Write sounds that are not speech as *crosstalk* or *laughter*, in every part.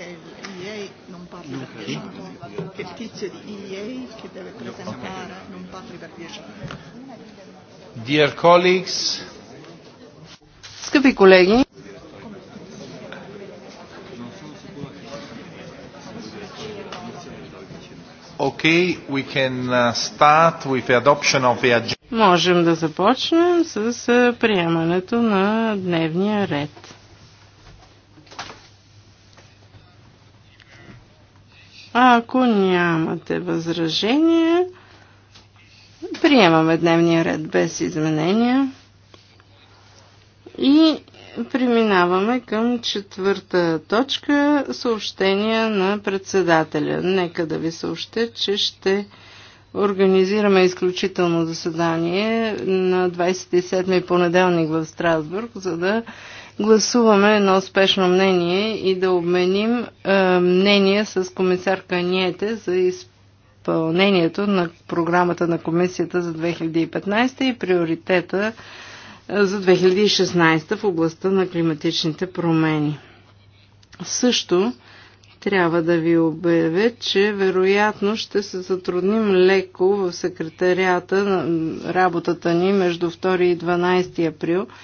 che l'IA non parli per 10 minuti, che il tizio di EA che deve presentare non parli per 10 minuti. Dear colleagues, scopi colleghi. Okay, we can start with the adoption of the agenda. Можем да започнем с приемането на дневния ред. А ако нямате възражения, приемаме дневния ред без изменения. И преминаваме към четвърта точка съобщения на председателя. Нека да ви съобща, че ще организираме изключително заседание на 27 понеделник в Страсбург, за да гласуваме едно успешно мнение и да обменим е, мнение с комисар Каниете за изпълнението на програмата на комисията за 2015 и приоритета е, за 2016 в областта на климатичните промени. Също трябва да ви обявя, че вероятно ще се затрудним леко в секретарията на работата ни между 2 и 12 април –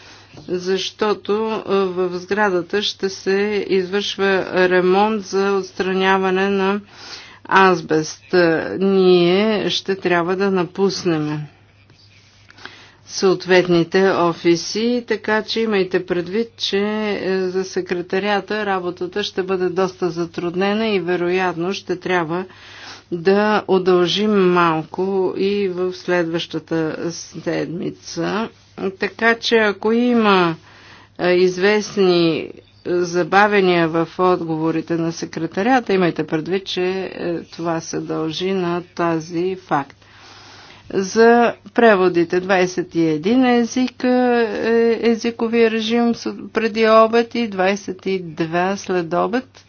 защото в сградата ще се извършва ремонт за отстраняване на азбест. Ние ще трябва да напуснем съответните офиси, така че имайте предвид, че е, за секретарията работата ще бъде доста затруднена и вероятно ще трябва да удължим малко и в следващата седмица. Така че ако има известни забавения в отговорите на секретарята, имайте предвид, че е, това се дължи на тази факт. За преводите 21 език езикови езиковия режим преди обед и 22 след обед.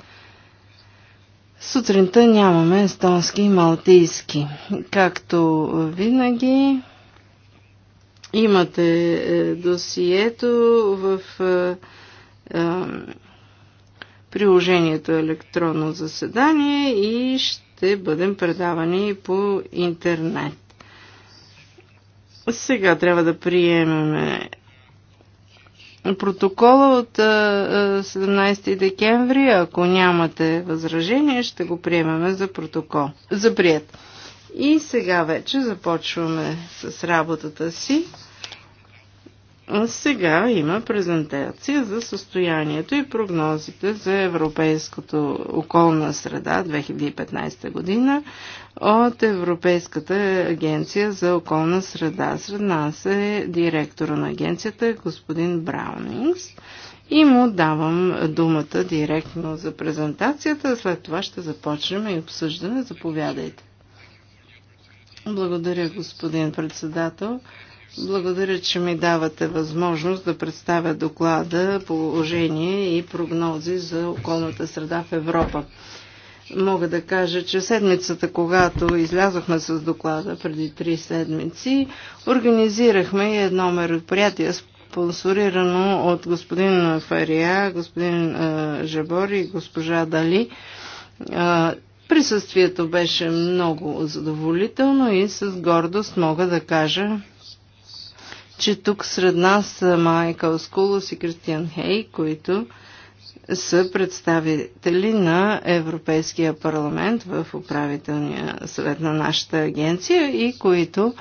Сутринта нямаме естонски и малтийски. Както винаги, Имате е, досието в е, е, приложението електронно заседание и ще бъдем предавани по интернет. Сега трябва да приемем протокола от 17 декември. Ако нямате възражение, ще го приемем за протокол. За прият. И сега вече започваме с работата си. Сега има презентация за състоянието и прогнозите за европейското околна среда 2015 година от Европейската агенция за околна среда. Сред нас е директора на агенцията господин Браунингс и му давам думата директно за презентацията. След това ще започнем и обсъждане. Заповядайте. Благодаря, господин председател. Благодаря, че ми давате възможност да представя доклада, положение и прогнози за околната среда в Европа. Мога да кажа, че седмицата, когато излязохме с доклада преди три седмици, организирахме едно мероприятие, спонсорирано от господин Фария, господин Жабор и госпожа Дали Присъствието беше много задоволително и с гордост мога да кажа, че тук сред нас са Майкъл Скулос и Кристиан Хей, които са представители на Европейския парламент в управителния съвет на нашата агенция и които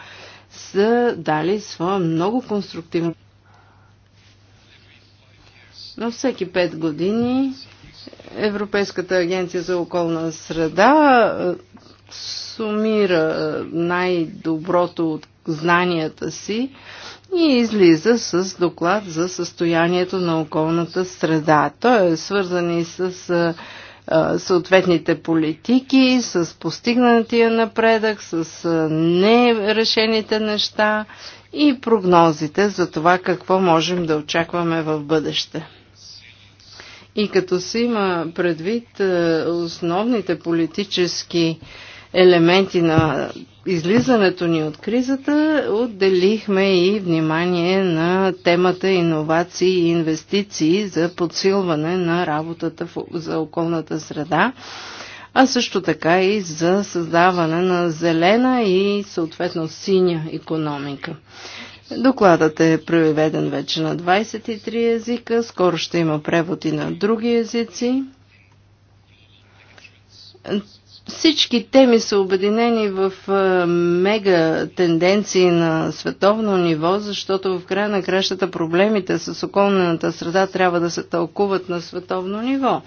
са дали своя много конструктивно. Но всеки пет години Европейската агенция за околна среда е, сумира най-доброто от знанията си и излиза с доклад за състоянието на околната среда. Той е свързан и с е, е, съответните политики, с постигнатия напредък, с нерешените неща и прогнозите за това какво можем да очакваме в бъдеще. И като се има предвид е, основните политически елементи на излизането ни от кризата, отделихме и внимание на темата иновации и инвестиции за подсилване на работата за околната среда, а също така и за създаване на зелена и съответно синя економика. Докладът е преведен вече на 23 езика, скоро ще има преводи на други езици. Всички теми са обединени в мега тенденции на световно ниво, защото в края на кращата проблемите с околната среда трябва да се тълкуват на световно ниво.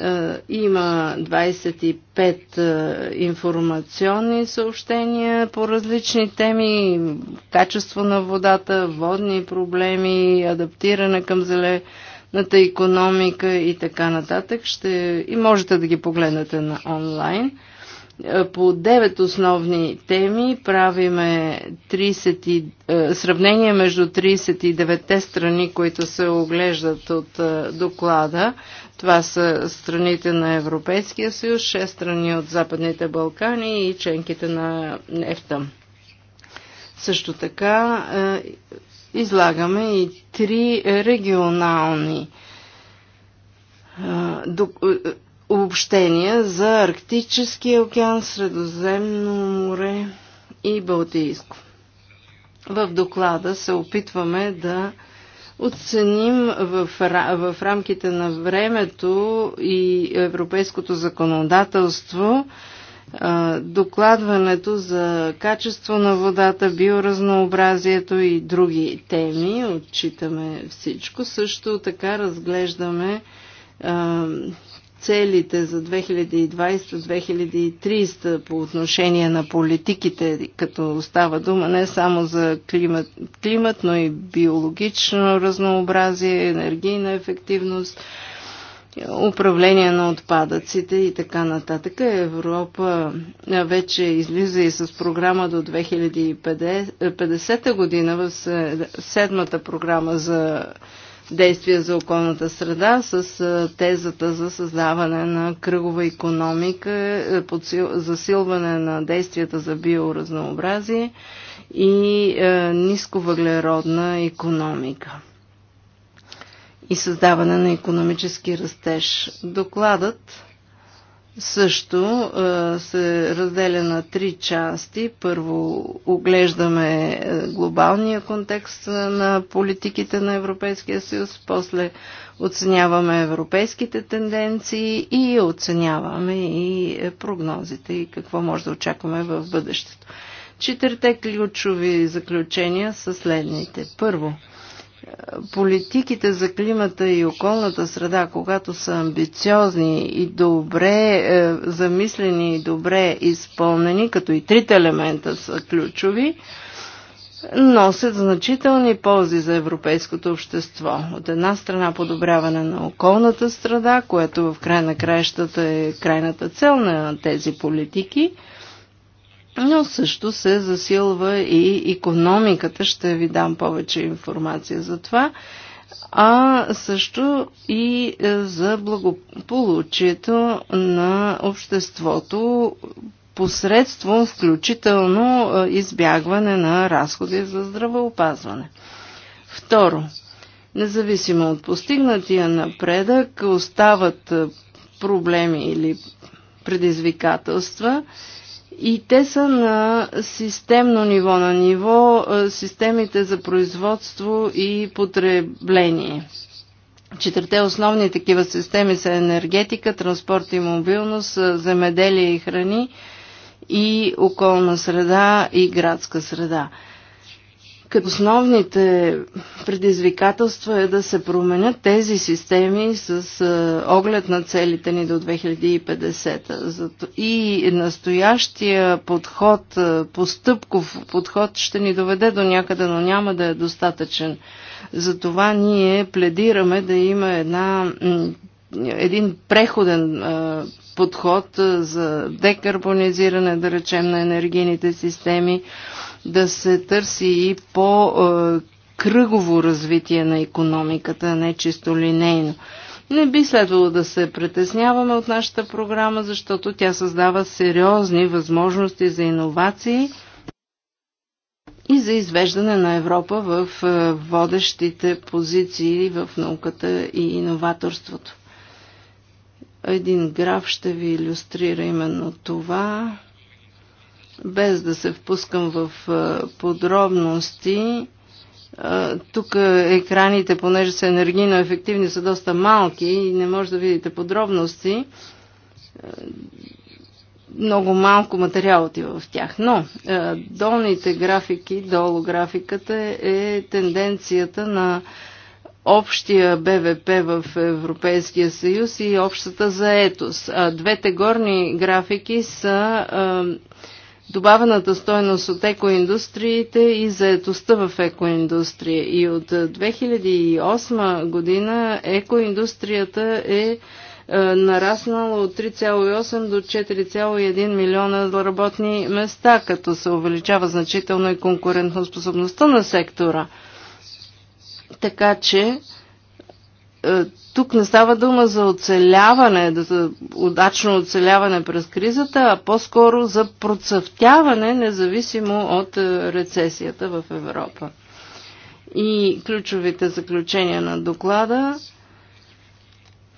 Е, има 25 е, информационни съобщения по различни теми, качество на водата, водни проблеми, адаптиране към зелената економика и така нататък. Ще... И можете да ги погледнете на онлайн е, по 9 основни теми правиме 30 сравнение между 39-те страни, които се оглеждат от доклада. Това са страните на Европейския съюз, 6 страни от Западните Балкани и членките на НЕФТА. Също така е, излагаме и три регионални е, е, обобщения за Арктическия океан, Средоземно море и Балтийско. В доклада се опитваме да оценим в, в рамките на времето и европейското законодателство докладването за качество на водата, биоразнообразието и други теми. Отчитаме всичко. Също така разглеждаме целите за 2020-2030 по отношение на политиките, като става дума не само за климат, климат, но и биологично разнообразие, енергийна ефективност, управление на отпадъците и така нататък. Европа вече излиза и с програма до 2050 година в седмата програма за действия за околната среда с тезата за създаване на кръгова економика, е, засилване на действията за биоразнообразие и е, нисковъглеродна економика и създаване на економически растеж. Докладът също се разделя на три части. Първо оглеждаме глобалния контекст на политиките на Европейския съюз, после оценяваме европейските тенденции и оценяваме и прогнозите и какво може да очакваме в бъдещето. Четирите ключови заключения са следните. Първо, политиките за климата и околната среда, когато са амбициозни и добре е, замислени и добре изпълнени, като и трите елемента са ключови, носят значителни ползи за европейското общество. От една страна подобряване на околната среда, което в край на краищата е крайната цел на тези политики – но също се засилва и економиката. Ще ви дам повече информация за това. А също и е, за благополучието на обществото посредством включително е, избягване на разходи за здравеопазване. Второ, независимо от постигнатия напредък, остават е, проблеми или предизвикателства, и те са на системно ниво, на ниво е, системите за производство и потребление. Четвърте основни такива системи са енергетика, транспорт и мобилност, е, земеделие и храни и околна среда и градска среда като основните предизвикателства е да се променят тези системи с оглед на целите ни до 2050. И настоящия подход, постъпков подход ще ни доведе до някъде, но няма да е достатъчен. Затова ние пледираме да има една, един преходен подход за декарбонизиране, да речем, на енергийните системи да се търси и по кръгово развитие на економиката, не чисто линейно. Не би следвало да се притесняваме от нашата програма, защото тя създава сериозни възможности за иновации и за извеждане на Европа в е, водещите позиции в науката и иноваторството. Един граф ще ви иллюстрира именно това без да се впускам в подробности, тук екраните, понеже са енергийно ефективни, са доста малки и не може да видите подробности. Много малко материал отива в тях. Но долните графики, долу графиката е, е тенденцията на общия БВП в Европейския съюз и общата заетост. Двете горни графики са добавената стойност от екоиндустриите и заетостта в екоиндустрия. И от 2008 е, година екоиндустрията е, е нараснала от 3,8 до 4,1 милиона работни места, като се увеличава значително и конкурентоспособността на сектора. Така че е, тук не става дума за оцеляване, за удачно оцеляване през кризата, а по-скоро за процъфтяване, независимо от е, рецесията в Европа. И ключовите заключения на доклада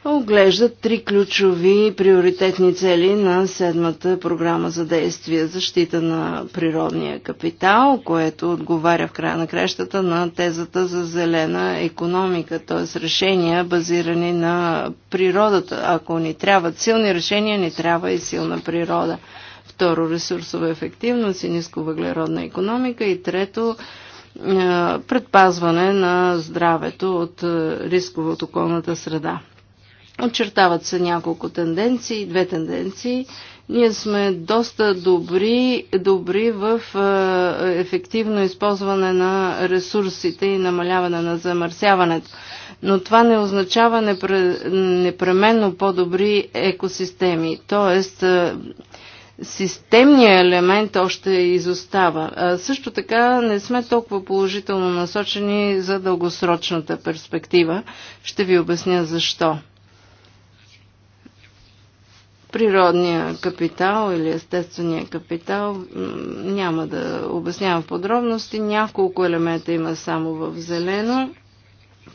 оглеждат три ключови приоритетни цели на седмата програма за действие защита на природния капитал, което отговаря в края на кращата на тезата за зелена економика, т.е. решения базирани на природата. Ако ни трябват силни решения, ни трябва и силна природа. Второ, ресурсова ефективност и нисковъглеродна економика. И трето, е, предпазване на здравето от е, рисково от околната среда. Очертават се няколко тенденции, две тенденции. Ние сме доста добри, добри в ефективно използване на ресурсите и намаляване на замърсяването. Но това не означава непременно по-добри екосистеми. Тоест, системният елемент още изостава. А също така не сме толкова положително насочени за дългосрочната перспектива. Ще ви обясня защо природния капитал или естествения капитал. Няма да обяснявам в подробности. Няколко елемента има само в зелено.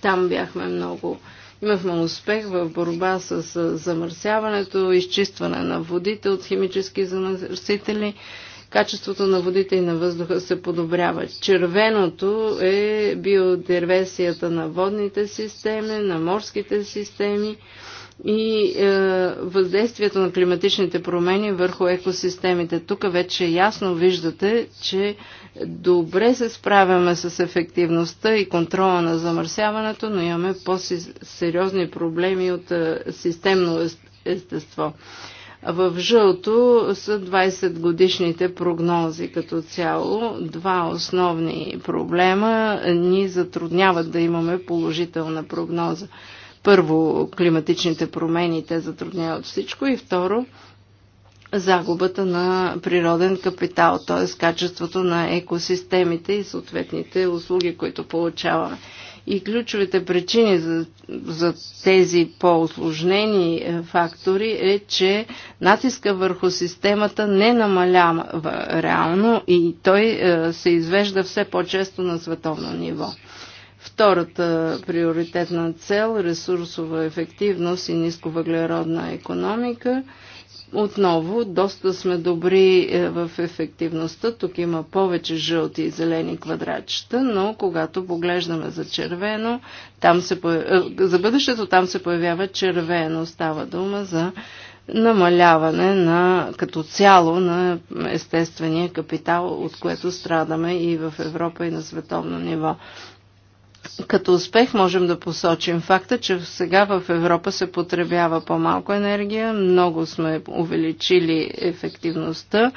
Там бяхме много. Имахме успех в борба с замърсяването, изчистване на водите от химически замърсители. Качеството на водите и на въздуха се подобрява. Червеното е биодервесията на водните системи, на морските системи и е, въздействието на климатичните промени върху екосистемите. Тук вече ясно виждате, че добре се справяме с ефективността и контрола на замърсяването, но имаме по-сериозни проблеми от е, системно естество. В жълто са 20 годишните прогнози като цяло. Два основни проблема ни затрудняват да имаме положителна прогноза. Първо, климатичните промени те затрудняват всичко и второ, загубата на природен капитал, т.е. качеството на екосистемите и съответните услуги, които получаваме. И ключовите причини за, за тези по-осложнени е, фактори е, че натиска върху системата не намалява реално и той е, се извежда все по-често на световно ниво. Втората приоритетна цел – ресурсова ефективност и нисковъглеродна економика. Отново, доста сме добри е, в ефективността. Тук има повече жълти и зелени квадратчета, но когато поглеждаме за червено, там се, е, за бъдещето там се появява червено. Става дума за намаляване на, като цяло на естествения капитал, от което страдаме и в Европа и на световно ниво. Като успех можем да посочим факта, че сега в Европа се потребява по-малко енергия, много сме увеличили ефективността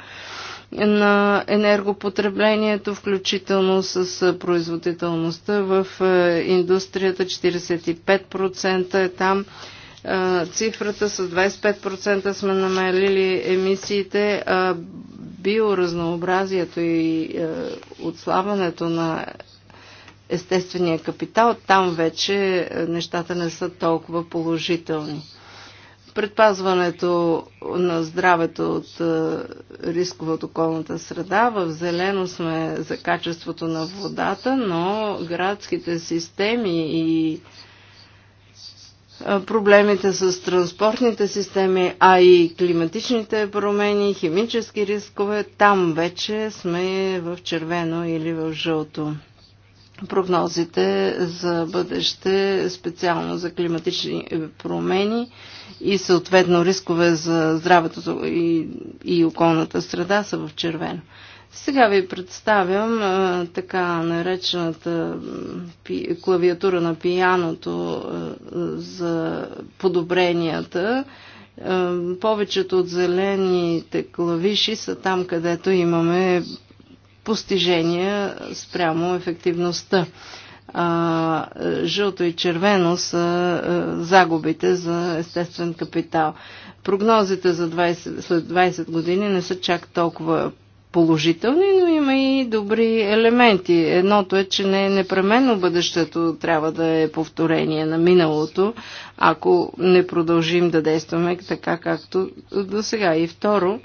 на енергопотреблението, включително с производителността в е, индустрията 45% е там е, цифрата с 25% сме намалили емисиите, биоразнообразието и е, отслабването на естествения капитал, там вече е, нещата не са толкова положителни. Предпазването на здравето от е, рискова от околната среда. В зелено сме за качеството на водата, но градските системи и е, проблемите с транспортните системи, а и климатичните промени, химически рискове, там вече сме в червено или в жълто прогнозите за бъдеще, специално за климатични е, промени и съответно рискове за здравето и, и околната среда са в червено. Сега ви представям а, е, така наречената пи, клавиатура на пияното а, е, за подобренията. А, повечето от зелените клавиши са там, където имаме постижения спрямо ефективността. А, жълто и червено са а, загубите за естествен капитал. Прогнозите за 20, след 20 години не са чак толкова положителни, но има и добри елементи. Едното е, че не е непременно бъдещето трябва да е повторение на миналото, ако не продължим да действаме така, както до сега. И второ,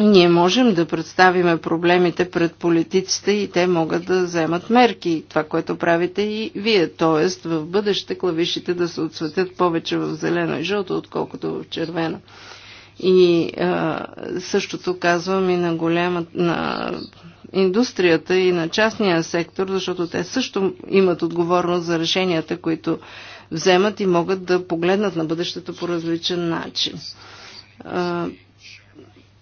ние можем да представиме проблемите пред политиците и те могат да вземат мерки. Това, което правите и вие, т.е. в бъдеще клавишите да се отсветят повече в зелено и жълто, отколкото в червено. И а, същото казвам и на голяма, на индустрията и на частния сектор, защото те също имат отговорност за решенията, които вземат и могат да погледнат на бъдещето по различен начин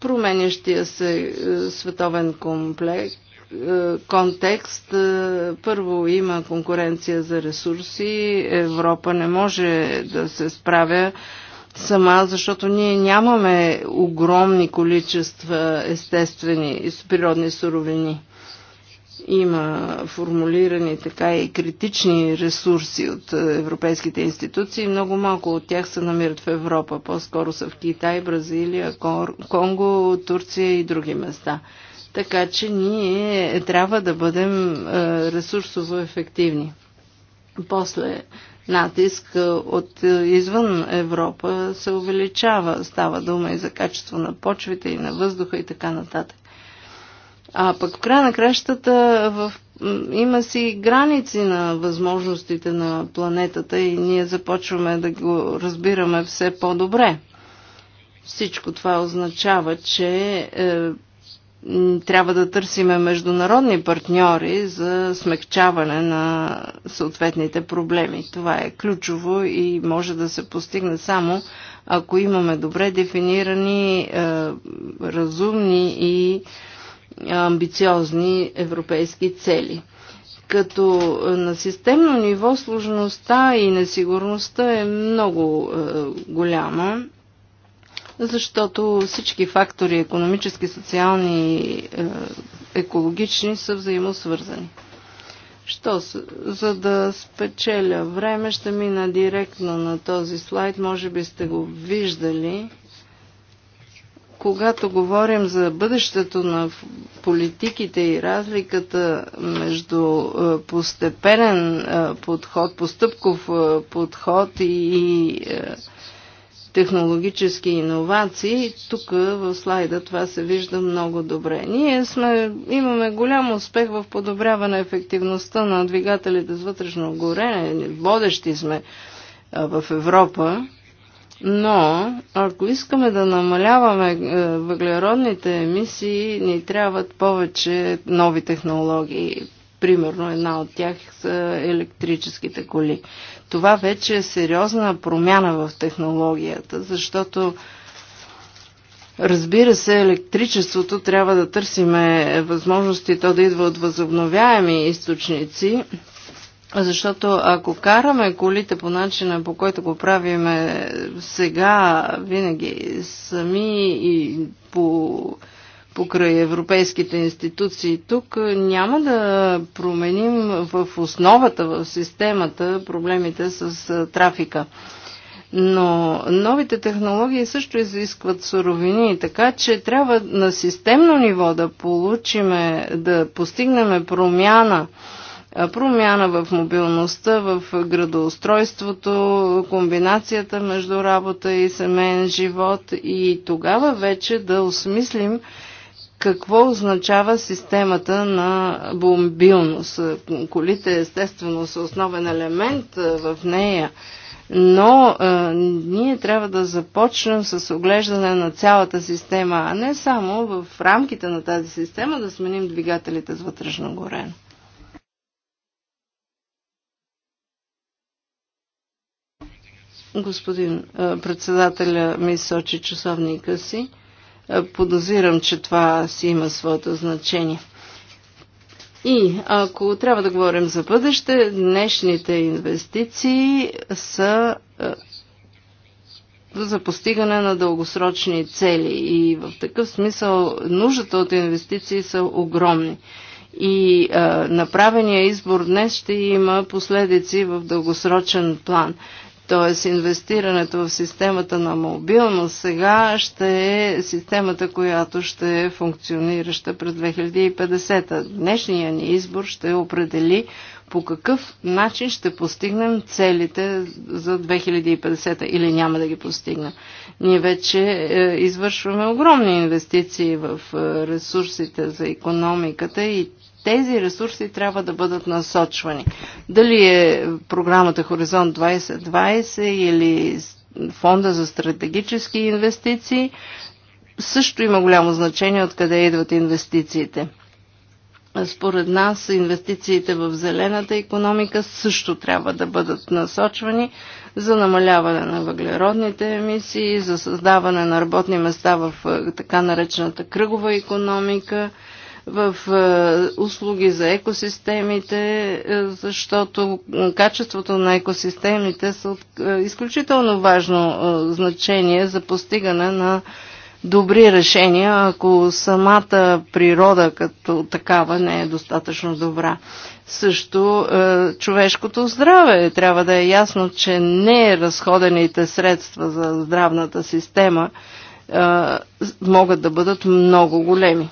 променящия се е, световен комплект, е, контекст. Е, първо има конкуренция за ресурси. Европа не може да се справя сама, защото ние нямаме огромни количества естествени и природни суровини има формулирани така и критични ресурси от е, европейските институции. Много малко от тях се намират в Европа. По-скоро са в Китай, Бразилия, Конго, Турция и други места. Така че ние трябва да бъдем е, ресурсово ефективни. После натиск е, от извън Европа се увеличава. Става дума и за качество на почвите, и на въздуха, и така нататък. А пък в края на кращата в, има си граници на възможностите на планетата и ние започваме да го разбираме все по-добре. Всичко това означава, че е, трябва да търсиме международни партньори за смягчаване на съответните проблеми. Това е ключово и може да се постигне само ако имаме добре дефинирани, е, разумни и е, амбициозни европейски цели. Като е, на системно ниво сложността и несигурността е много е, голяма, защото всички фактори, економически, социални и е, екологични, са взаимосвързани. Що, за да спечеля време, ще мина директно на този слайд, може би сте го виждали когато говорим за бъдещето на политиките и разликата между е, постепенен е, подход, постъпков е, подход и технологически иновации, тук в слайда това се вижда много добре. Ние сме, имаме голям успех в подобряване ефективността на двигателите с вътрешно горене. Водещи сме в Европа но, ако искаме да намаляваме е, въглеродните емисии, ни трябват повече нови технологии. Примерно една от тях са електрическите коли. Това вече е сериозна промяна в технологията, защото Разбира се, електричеството трябва да търсиме възможности то да идва от възобновяеми източници, защото ако караме колите по начина, по който го правиме сега, винаги сами и по, покрай европейските институции тук, няма да променим в основата, в системата проблемите с трафика. Но новите технологии също изискват суровини, така че трябва на системно ниво да получиме, да постигнем промяна промяна в мобилността, в градоустройството, комбинацията между работа и семейен живот и тогава вече да осмислим какво означава системата на мобилност. Колите естествено са основен елемент в нея, но е, ние трябва да започнем с оглеждане на цялата система, а не само в рамките на тази система да сменим двигателите с вътрешно горено. Господин председателя ми сочи часовника си. Подозирам, че това си има своето значение. И ако трябва да говорим за бъдеще, днешните инвестиции са за постигане на дългосрочни цели. И в такъв смисъл нуждата от инвестиции са огромни. И а, направения избор днес ще има последици в дългосрочен план т.е. инвестирането в системата на мобилност сега ще е системата, която ще е функционираща през 2050. Днешният ни избор ще определи по какъв начин ще постигнем целите за 2050 или няма да ги постигнем. Ние вече е, извършваме огромни инвестиции в е, ресурсите за економиката и тези ресурси трябва да бъдат насочвани. Дали е програмата Хоризонт 2020 или фонда за стратегически инвестиции, също има голямо значение откъде идват инвестициите. Според нас инвестициите в зелената економика също трябва да бъдат насочвани за намаляване на въглеродните емисии, за създаване на работни места в така наречената кръгова економика – в е, услуги за екосистемите, е, защото качеството на екосистемите са от е, изключително важно значение за постигане на добри решения, ако самата природа като такава не е достатъчно добра. Също човешкото здраве. Трябва да е ясно, че не разходените средства за здравната система могат да бъдат много големи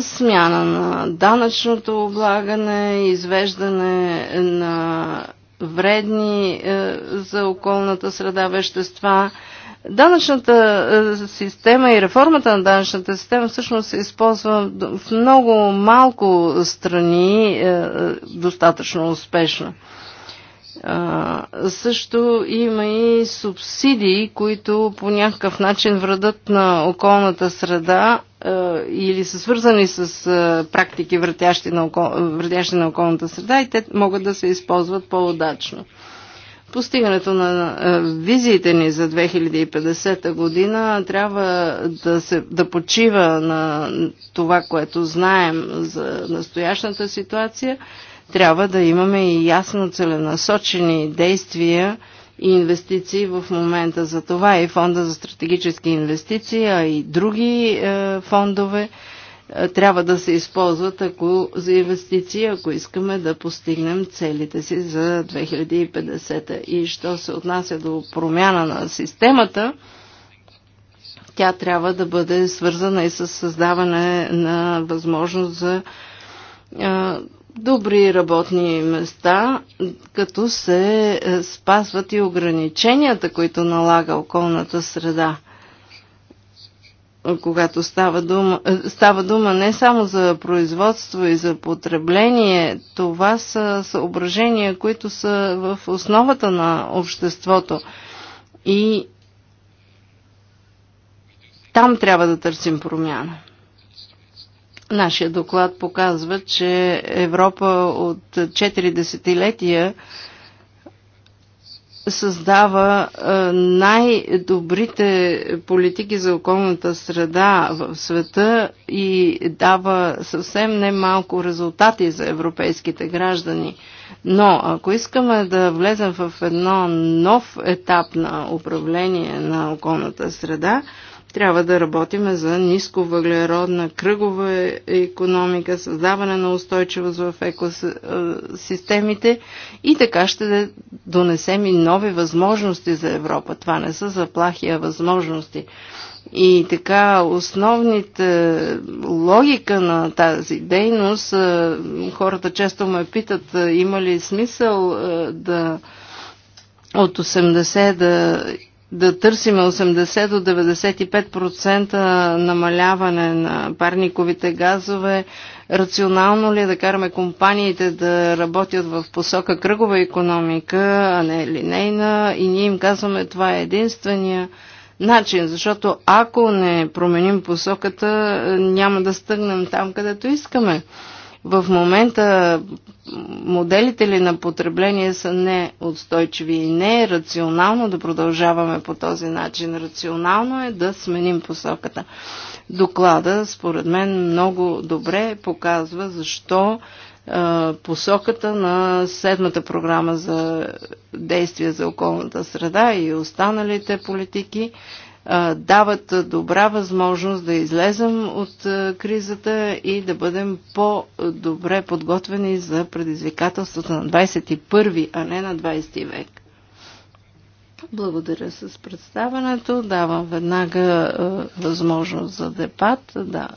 смяна на данъчното облагане, извеждане на вредни е, за околната среда вещества. Данъчната е, система и реформата на данъчната система всъщност се използва в много малко страни е, достатъчно успешно. А, също има и субсидии, които по някакъв начин вредат на околната среда а, или са свързани с а, практики вредящи на, окол... на околната среда и те могат да се използват по-удачно. Постигането на визиите ни за 2050 година трябва да, се, да почива на това, което знаем за настоящата ситуация – трябва да имаме и ясно целенасочени действия и инвестиции в момента. За това и фонда за стратегически инвестиции, а и други е, фондове е, трябва да се използват ако, за инвестиции, ако искаме да постигнем целите си за 2050. И що се отнася до промяна на системата, тя трябва да бъде свързана и с създаване на възможност за е, добри работни места, като се е, спазват и ограниченията, които налага околната среда. Когато става дума, е, става дума не само за производство и за потребление, това са съображения, които са в основата на обществото. И там трябва да търсим промяна. Нашия доклад показва, че Европа от 4 десетилетия създава е, най-добрите политики за околната среда в света и дава съвсем немалко резултати за европейските граждани. Но ако искаме да влезем в едно нов етап на управление на околната среда, трябва да работим за ниско въглеродна кръгова економика, създаване на устойчивост в екосистемите и така ще донесем и нови възможности за Европа. Това не са заплахи, а възможности. И така основните е, логика на тази дейност, е, хората често ме питат, е, има ли смисъл да от 80 да да търсим 80 до 95% намаляване на парниковите газове, рационално ли е да караме компаниите да работят в посока кръгова економика, а не линейна и ние им казваме това е единствения начин, защото ако не променим посоката, няма да стъгнем там, където искаме. В момента моделите ли на потребление са неустойчиви и не е рационално да продължаваме по този начин. Рационално е да сменим посоката. Доклада, според мен, много добре показва защо посоката на седмата програма за действие за околната среда и останалите политики дават добра възможност да излезем от кризата и да бъдем по-добре подготвени за предизвикателствата на 21, а не на 20 век. Благодаря с представането. Давам веднага възможност за дебат. Да.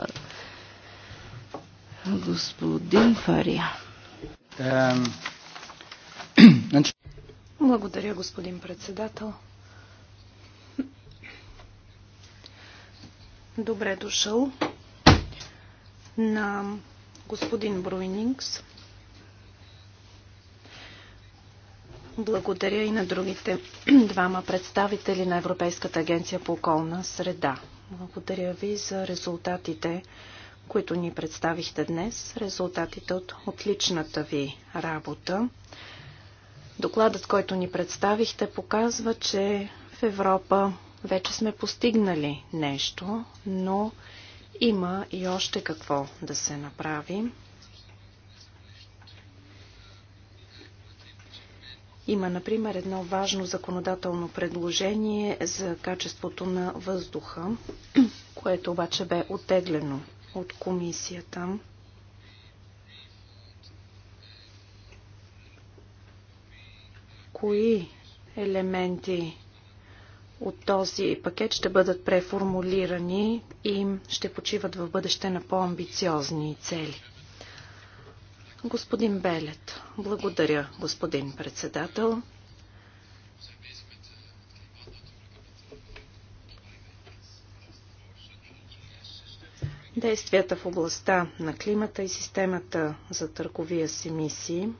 Господин Фария. *clears throat* Значи- Благодаря, господин председател. Добре дошъл на господин Бруйнингс. Благодаря и на другите двама представители на Европейската агенция по околна среда. Благодаря ви за резултатите, които ни представихте днес, резултатите от отличната ви работа. Докладът, който ни представихте, показва, че в Европа вече сме постигнали нещо, но има и още какво да се направи. Има, например, едно важно законодателно предложение за качеството на въздуха, *clears throat* което обаче бе оттеглено от комисията. Кои елементи от този пакет ще бъдат преформулирани и ще почиват в бъдеще на по-амбициозни цели. Господин Белет, благодаря, господин председател. Действията в областта на климата и системата за търговия с емисии –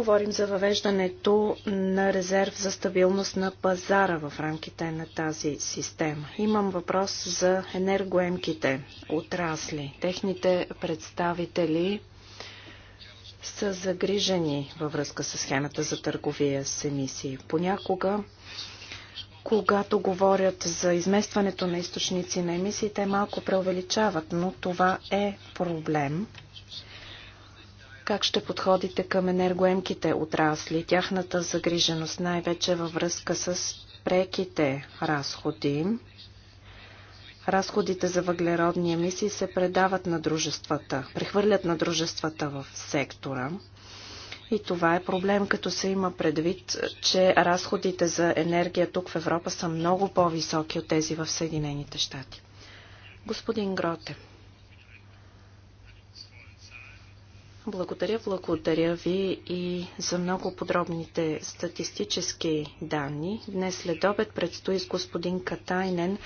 Говорим за въвеждането на резерв за стабилност на пазара в рамките на тази система. Имам въпрос за енергоемките отрасли. Техните представители са загрижени във връзка с схемата за търговия с емисии. Понякога, когато говорят за изместването на източници на емисии, те малко преувеличават, но това е проблем. Как ще подходите към енергоемките отрасли, тяхната загриженост най-вече във връзка с преките разходи? Разходите за въглеродни емисии се предават на дружествата, прехвърлят на дружествата в сектора. И това е проблем, като се има предвид, че разходите за енергия тук в Европа са много по-високи от тези в Съединените щати. Господин Гроте. Благодаря, благодаря ви и за много подробните статистически данни. Днес след обед предстои с господин Катайнен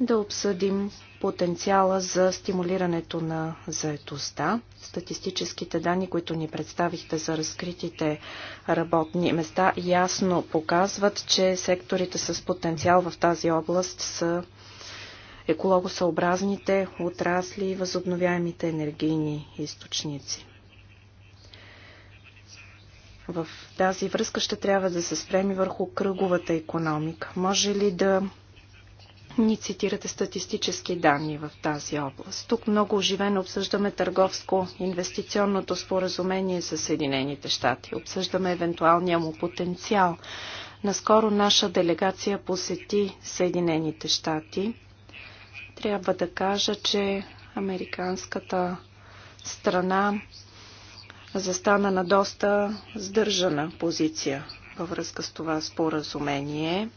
да обсъдим потенциала за стимулирането на заетостта. Статистическите данни, които ни представихте за разкритите работни места, ясно показват, че секторите с потенциал в тази област са екологосъобразните отрасли и възобновяемите енергийни източници. В тази връзка ще трябва да се спрем върху кръговата економика. Може ли да ни цитирате статистически данни в тази област? Тук много оживено обсъждаме търговско-инвестиционното споразумение с Съединените щати. Обсъждаме евентуалния му потенциал. Наскоро наша делегация посети Съединените щати. Трябва да кажа, че американската страна застана на доста сдържана позиция във връзка с това споразумение.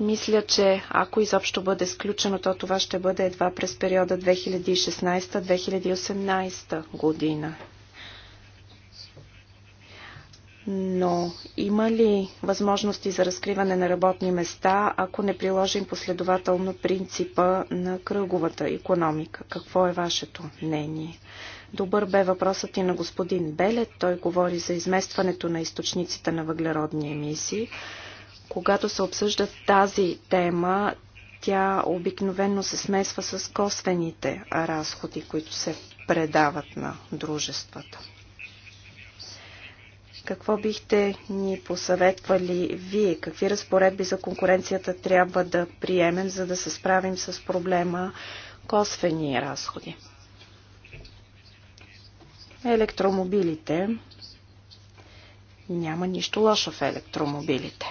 Мисля, че ако изобщо бъде сключено, то това ще бъде едва през периода 2016-2018 година. Но има ли възможности за разкриване на работни места, ако не приложим последователно принципа на кръговата економика? Какво е вашето мнение? Добър бе въпросът и на господин Белет. Той говори за изместването на източниците на въглеродни емисии. Когато се обсъжда тази тема, тя обикновенно се смесва с косвените разходи, които се предават на дружествата. Какво бихте ни посъветвали вие? Какви разпоредби за конкуренцията трябва да приемем, за да се справим с проблема косвени разходи? електромобилите. Няма нищо лошо в електромобилите.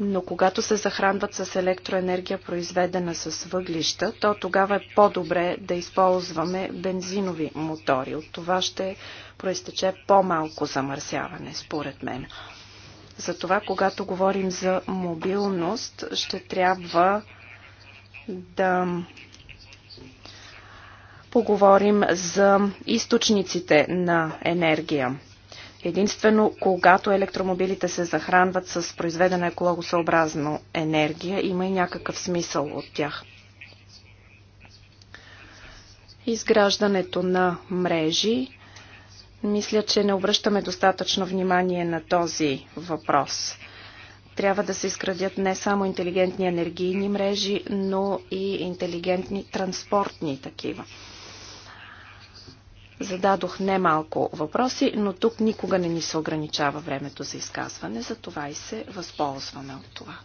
Но когато се захранват с електроенергия, произведена с въглища, то тогава е по-добре да използваме бензинови мотори. От това ще проистече по-малко замърсяване, според мен. Затова, когато говорим за мобилност, ще трябва да поговорим за източниците на енергия. Единствено, когато електромобилите се захранват с произведена екологосъобразно енергия, има и някакъв смисъл от тях. Изграждането на мрежи. Мисля, че не обръщаме достатъчно внимание на този въпрос трябва да се изградят не само интелигентни енергийни мрежи, но и интелигентни транспортни такива. Зададох немалко въпроси, но тук никога не ни се ограничава времето за изказване, за това и се възползваме от това.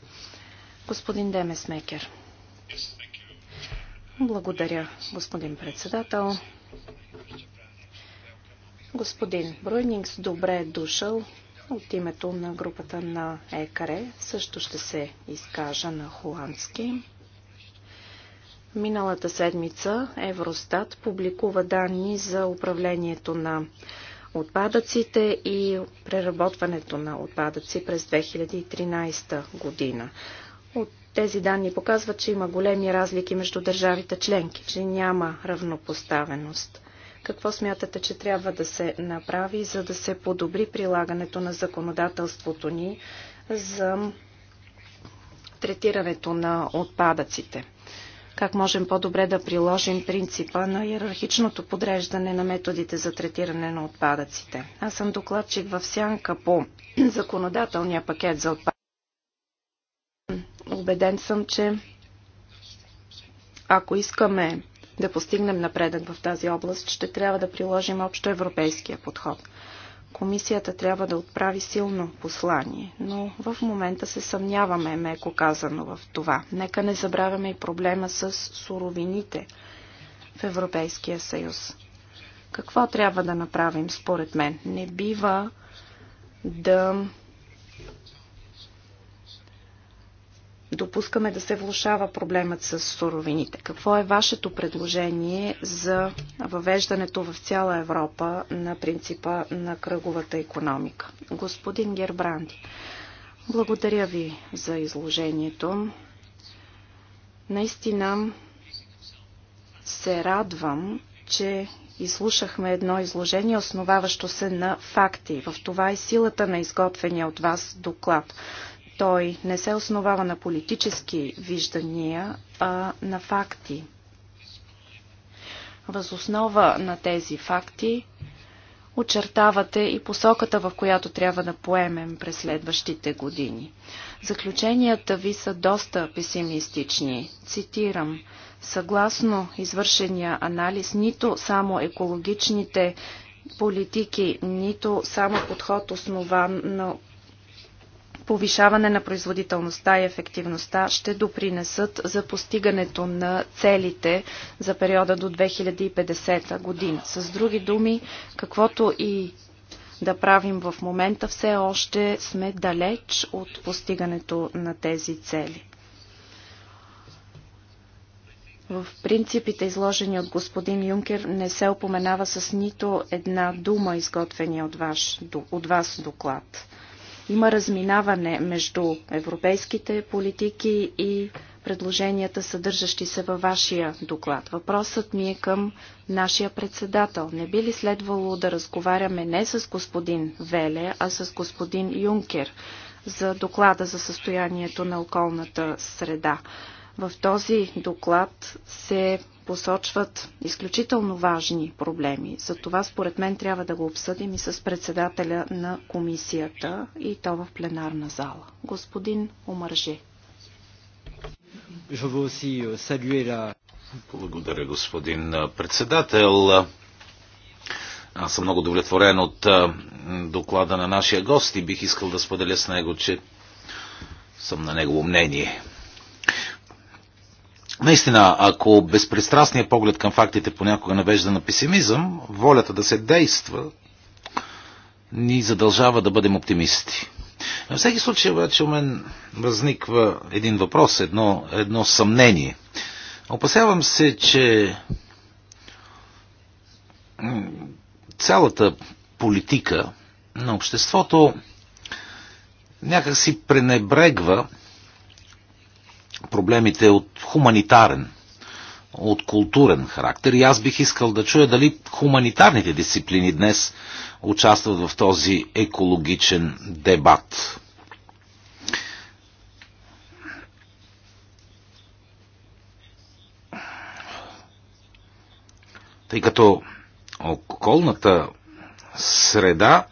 Господин Демесмекер. Благодаря, господин председател. Господин Бройнингс, добре е дошъл от името на групата на ЕКАРЕ. Също ще се изкажа на холандски. Миналата седмица Евростат публикува данни за управлението на отпадъците и преработването на отпадъци през 2013 година. От тези данни показват, че има големи разлики между държавите членки, че няма равнопоставеност. Какво смятате, че трябва да се направи, за да се подобри прилагането на законодателството ни за третирането на отпадъците? как можем по-добре да приложим принципа на иерархичното подреждане на методите за третиране на отпадъците. Аз съм докладчик в сянка по *clears throat* законодателния пакет за отпадъци. Обеден съм, че ако искаме да постигнем напредък в тази област, ще трябва да приложим общо европейския подход – комисията трябва да отправи силно послание, но в момента се съмняваме, меко казано, в това. Нека не забравяме и проблема с суровините в Европейския съюз. Какво трябва да направим, според мен? Не бива да допускаме да се влушава проблемът с суровините. Какво е вашето предложение за въвеждането в цяла Европа на принципа на кръговата економика? Господин Гербранди, благодаря ви за изложението. Наистина се радвам, че изслушахме едно изложение, основаващо се на факти. В това е силата на изготвения от вас доклад. Той не се основава на политически виждания, а на факти. Възоснова на тези факти очертавате и посоката, в която трябва да поемем през следващите години. Заключенията ви са доста песимистични. Цитирам. Съгласно извършения анализ, нито само екологичните политики, нито само подход основан на повишаване на производителността и ефективността ще допринесат за постигането на целите за периода до 2050 година. С други думи, каквото и да правим в момента, все още сме далеч от постигането на тези цели. В принципите, изложени от господин Юнкер, не се опоменава с нито една дума, изготвения от, ваш, от вас доклад. Има разминаване между европейските политики и предложенията, съдържащи се във вашия доклад. Въпросът ми е към нашия председател. Не би ли следвало да разговаряме не с господин Веле, а с господин Юнкер за доклада за състоянието на околната среда? В този доклад се посочват изключително важни проблеми. За това, според мен, трябва да го обсъдим и с председателя на комисията и то в пленарна зала. Господин Омърже. Euh, Благодаря, господин председател. Аз съм много удовлетворен от доклада на нашия гост и бих искал да споделя с него, че съм на негово мнение. Наистина, ако безпристрастният поглед към фактите понякога навежда на песимизъм, волята да се действа ни задължава да бъдем оптимисти. На всеки случай обаче у мен възниква един въпрос, едно, едно съмнение. Опасявам се, че цялата политика на обществото някак си пренебрегва проблемите е от хуманитарен, от културен характер. И аз бих искал да чуя дали хуманитарните дисциплини днес участват в този екологичен дебат. Тъй като околната среда,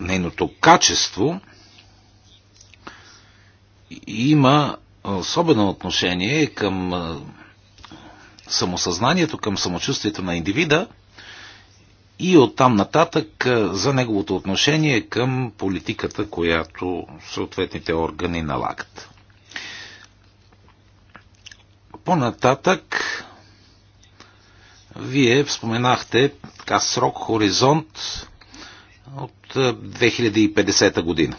нейното качество – има особено отношение към самосъзнанието, към самочувствието на индивида и оттам нататък за неговото отношение към политиката, която съответните органи налагат. По-нататък вие споменахте така срок, хоризонт от 2050 година.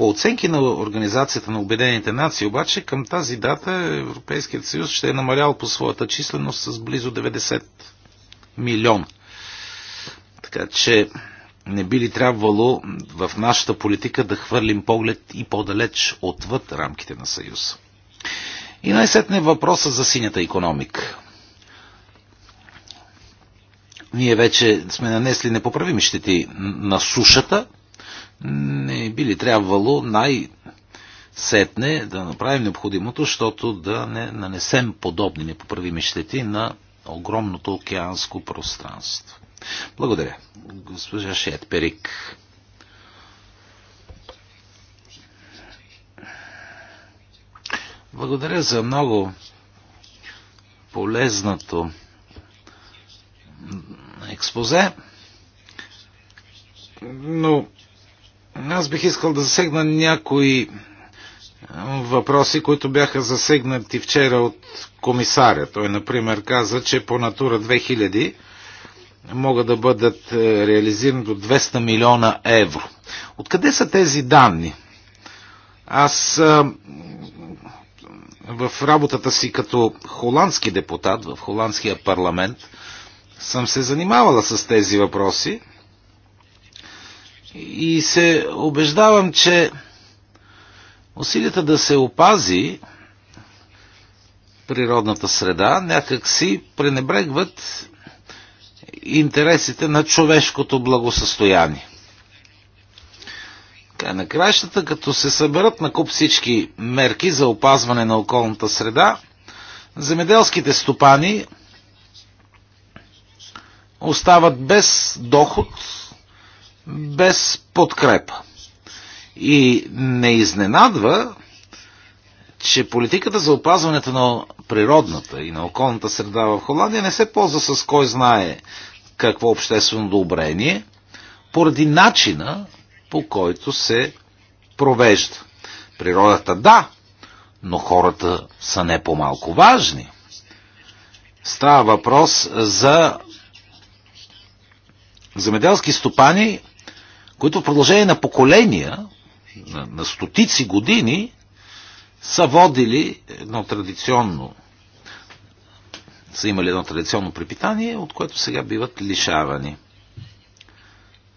По оценки на Организацията на Обединените нации, обаче към тази дата Европейският съюз ще е намалял по своята численост с близо 90 милиона. Така че не би ли трябвало в нашата политика да хвърлим поглед и по-далеч отвъд рамките на Съюз? И най-сетне въпроса за синята економика. Ние вече сме нанесли непоправими щети на сушата – не би ли трябвало най- сетне да направим необходимото, защото да не нанесем подобни непоправими щети на огромното океанско пространство. Благодаря. Госпожа Шет Перик. Благодаря за много полезното експозе, но аз бих искал да засегна някои въпроси, които бяха засегнати вчера от комисаря. Той, например, каза, че по Натура 2000 могат да бъдат е, реализирани до 200 милиона евро. Откъде са тези данни? Аз в работата си като холандски депутат в холандския парламент съм се занимавала с тези въпроси и се убеждавам, че усилията да се опази природната среда някакси пренебрегват интересите на човешкото благосъстояние. Край на краищата, като се съберат на куп всички мерки за опазване на околната среда, земеделските стопани остават без доход без подкрепа. И не изненадва, че политиката за опазването на природната и на околната среда в Холандия не се ползва с кой знае какво обществено одобрение, поради начина по който се провежда. Природата да, но хората са не по-малко важни. Става въпрос за земеделски стопани, които в продължение на поколения, на, на стотици години, са водили едно традиционно са имали едно традиционно препитание, от което сега биват лишавани.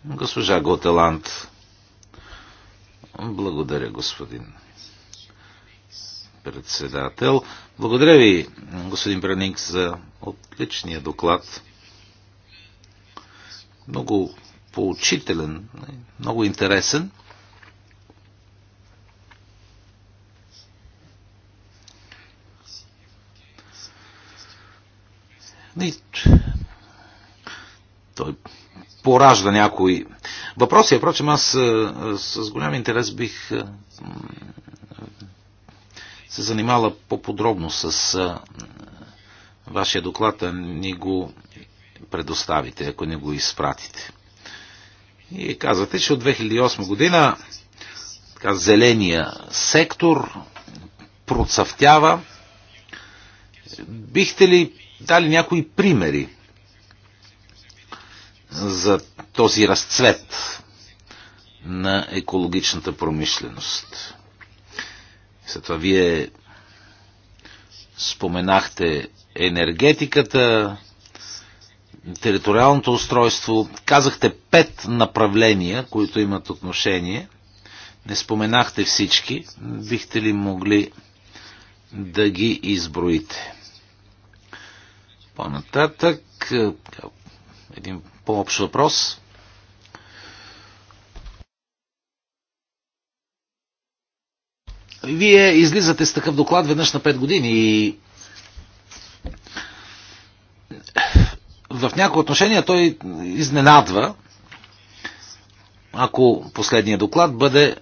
Госпожа Готеланд. Благодаря, господин председател. Благодаря ви, господин Браник, за отличния доклад. Много поучителен, много интересен. И той поражда някои въпроси. Впрочем, аз е, е, с голям интерес бих е, се занимала по-подробно с вашия доклад, а ни го предоставите, ако не го изпратите. И казвате, че от 2008 година така, зеления сектор процъфтява. Бихте ли дали някои примери за този разцвет на екологичната промишленост? След това вие споменахте енергетиката, териториалното устройство. Казахте пет направления, които имат отношение. Не споменахте всички. Бихте ли могли да ги изброите? По-нататък, е, един по-общ въпрос. Вие излизате с такъв доклад веднъж на 5 години и в някои отношения той изненадва, ако последния доклад бъде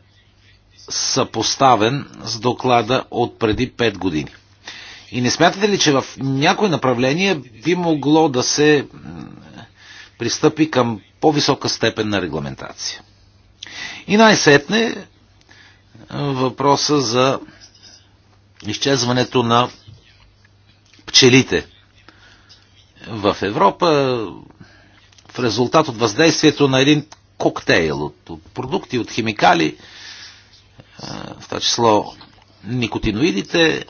съпоставен с доклада от преди 5 години. И не смятате ли, че в някои направления би могло да се пристъпи към по-висока степен на регламентация? И най-сетне е, въпроса за изчезването на пчелите – в Европа в резултат от въздействието на един коктейл от, от продукти, от химикали, в това число никотиноидите,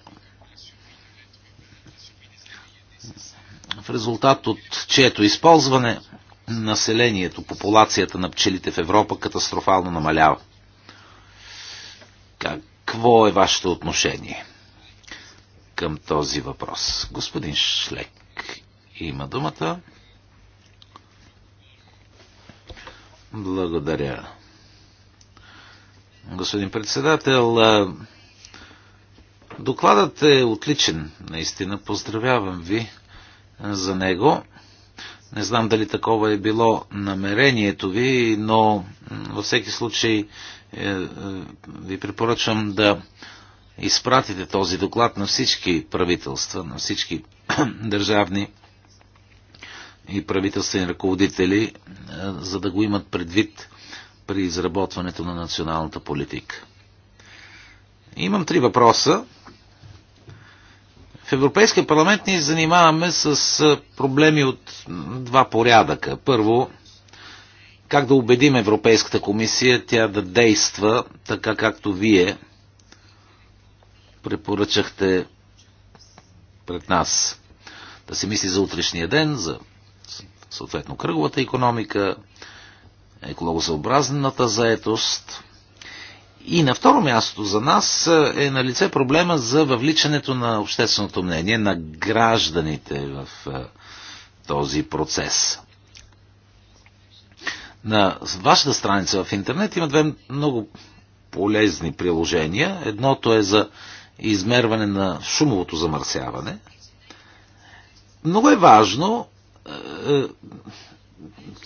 в резултат от чието използване населението, популацията на пчелите в Европа катастрофално намалява. Какво е вашето отношение към този въпрос, господин Шлек? има думата. Благодаря. Господин председател, докладът е отличен. Наистина поздравявам ви за него. Не знам дали такова е било намерението ви, но във всеки случай е, е, ви препоръчвам да изпратите този доклад на всички правителства, на всички *clears throat* държавни и правителствени ръководители, е, за да го имат предвид при изработването на националната политика. Имам три въпроса. В Европейския парламент ни занимаваме с е, проблеми от два порядъка. Първо, как да убедим Европейската комисия тя да действа така както вие препоръчахте пред нас. Да се мисли за утрешния ден, за съответно кръговата економика, екологосъобразната заетост. И на второ място за нас е на лице проблема за въвличането на общественото мнение на гражданите в е, този процес. На вашата страница в интернет има две много полезни приложения. Едното е за измерване на шумовото замърсяване. Много е важно е,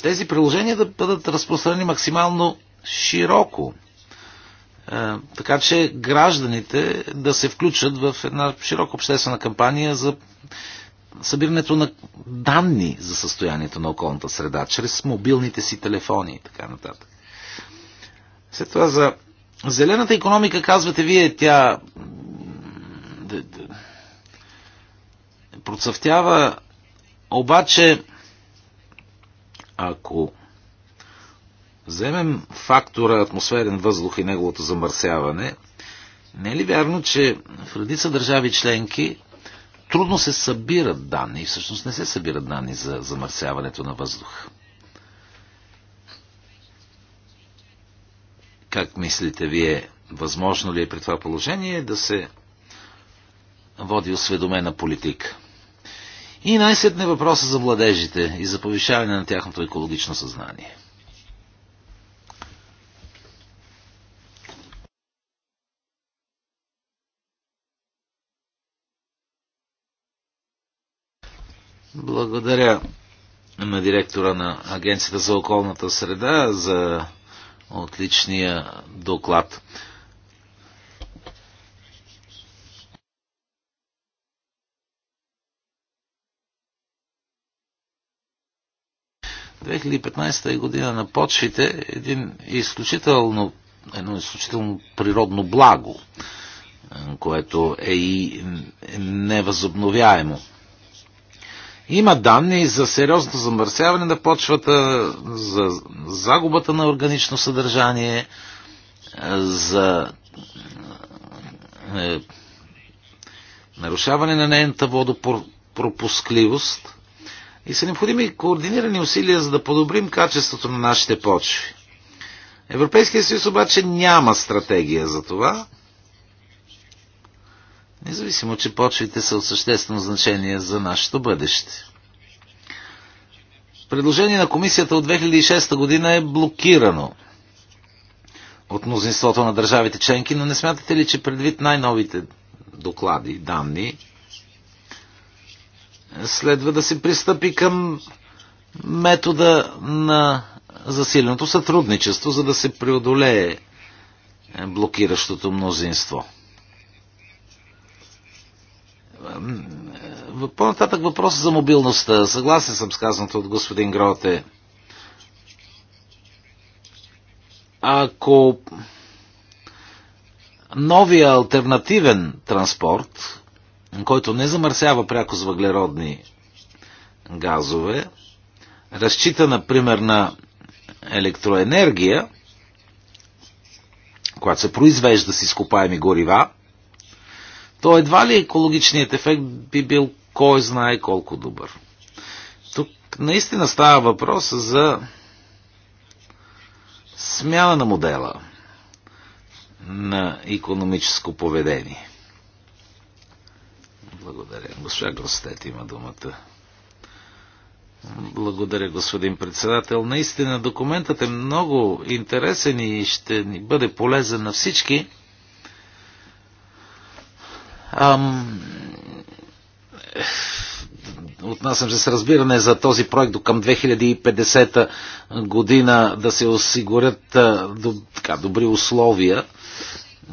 тези приложения да бъдат разпространени максимално широко. Е, така че гражданите да се включат в една широка обществена кампания за събирането на данни за състоянието на околната среда, чрез мобилните си телефони и така нататък. След това за зелената економика казвате вие, тя процъфтява обаче, ако вземем фактора атмосферен въздух и неговото замърсяване, не е ли вярно, че в редица държави членки трудно се събират данни и всъщност не се събират данни за замърсяването на въздух? Как мислите вие, възможно ли е при това положение да се води осведомена политика? И най-сетне въпроса за младежите и за повишаване на тяхното екологично съзнание. Благодаря на директора на Агенцията за околната среда за отличния доклад. 2015 година на почвите един изключително, едно изключително природно благо, което е и невъзобновяемо. Има данни за сериозно замърсяване на почвата, за загубата на органично съдържание, за е, нарушаване на нейната водопропускливост – и са необходими координирани усилия, за да подобрим качеството на нашите почви. Европейския съюз обаче няма стратегия за това. Независимо, че почвите са от съществено значение за нашето бъдеще. Предложение на комисията от 2006 година е блокирано от мнозинството на държавите членки, но не смятате ли, че предвид най-новите доклади, данни, следва да се пристъпи към метода на засиленото сътрудничество, за да се преодолее е, блокиращото мнозинство. Е, по-нататък въпрос за мобилността. Съгласен съм с казаното от господин Гроте. Ако новия альтернативен транспорт, който не замърсява пряко с въглеродни газове, разчита, например, на електроенергия, която се произвежда с изкопаеми горива, то едва ли екологичният ефект би бил кой знае колко добър. Тук наистина става въпрос за смяна на модела на економическо поведение. Благодаря. Госпожа Гростет има думата. Благодаря, господин председател. Наистина документът е много интересен и ще ни бъде полезен на всички. Ам... Отнасям се с разбиране за този проект до към 2050 година да се осигурят така, добри условия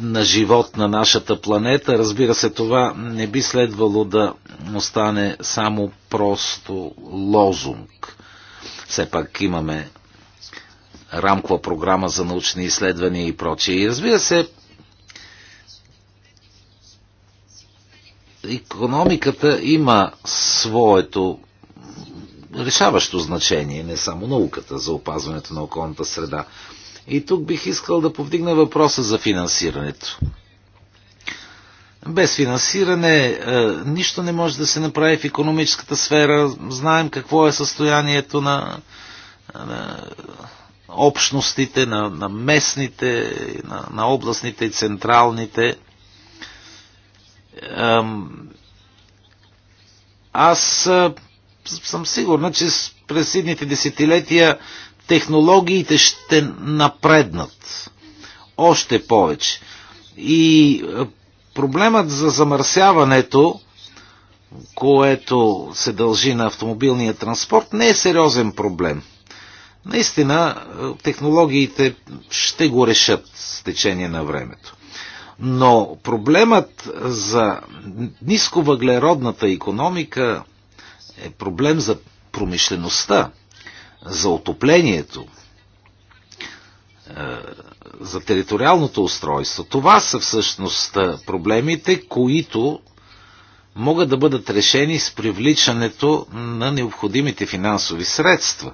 на живот на нашата планета. Разбира се, това не би следвало да остане само просто лозунг. Все пак имаме рамкова програма за научни изследвания и прочие. И разбира се, економиката има своето решаващо значение, не само науката, за опазването на околната среда. И тук бих искал да повдигна въпроса за финансирането. Без финансиране е, нищо не може да се направи в економическата сфера. Знаем какво е състоянието на, на общностите, на, на местните, на, на областните и централните. Аз е, съм сигурна, че през едните десетилетия технологиите ще напреднат още повече. И е, проблемът за замърсяването, което се дължи на автомобилния транспорт, не е сериозен проблем. Наистина, е, технологиите ще го решат с течение на времето. Но проблемът за нисковъглеродната економика е проблем за промишлеността за отоплението, е, за териториалното устройство. Това са всъщност е, проблемите, които могат да бъдат решени с привличането на необходимите финансови средства,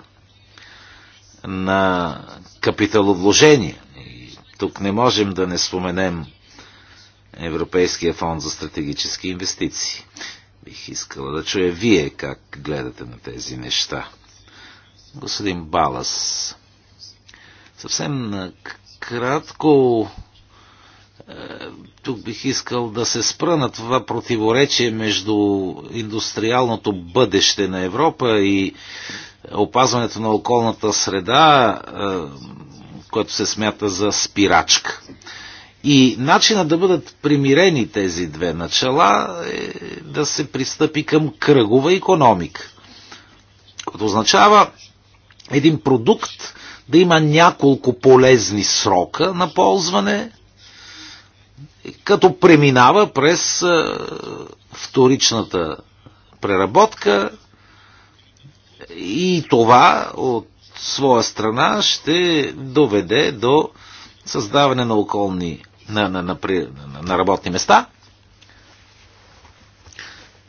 на капиталовложения. И тук не можем да не споменем Европейския фонд за стратегически инвестиции. Бих искала да чуя вие как гледате на тези неща. Господин Балас, съвсем кратко е, тук бих искал да се спра на това противоречие между индустриалното бъдеще на Европа и опазването на околната среда, е, което се смята за спирачка. И начина да бъдат примирени тези две начала е да се пристъпи към кръгова економика. Което означава един продукт да има няколко полезни срока на ползване, като преминава през вторичната преработка и това от своя страна ще доведе до създаване на околни на, на, на, на, на работни места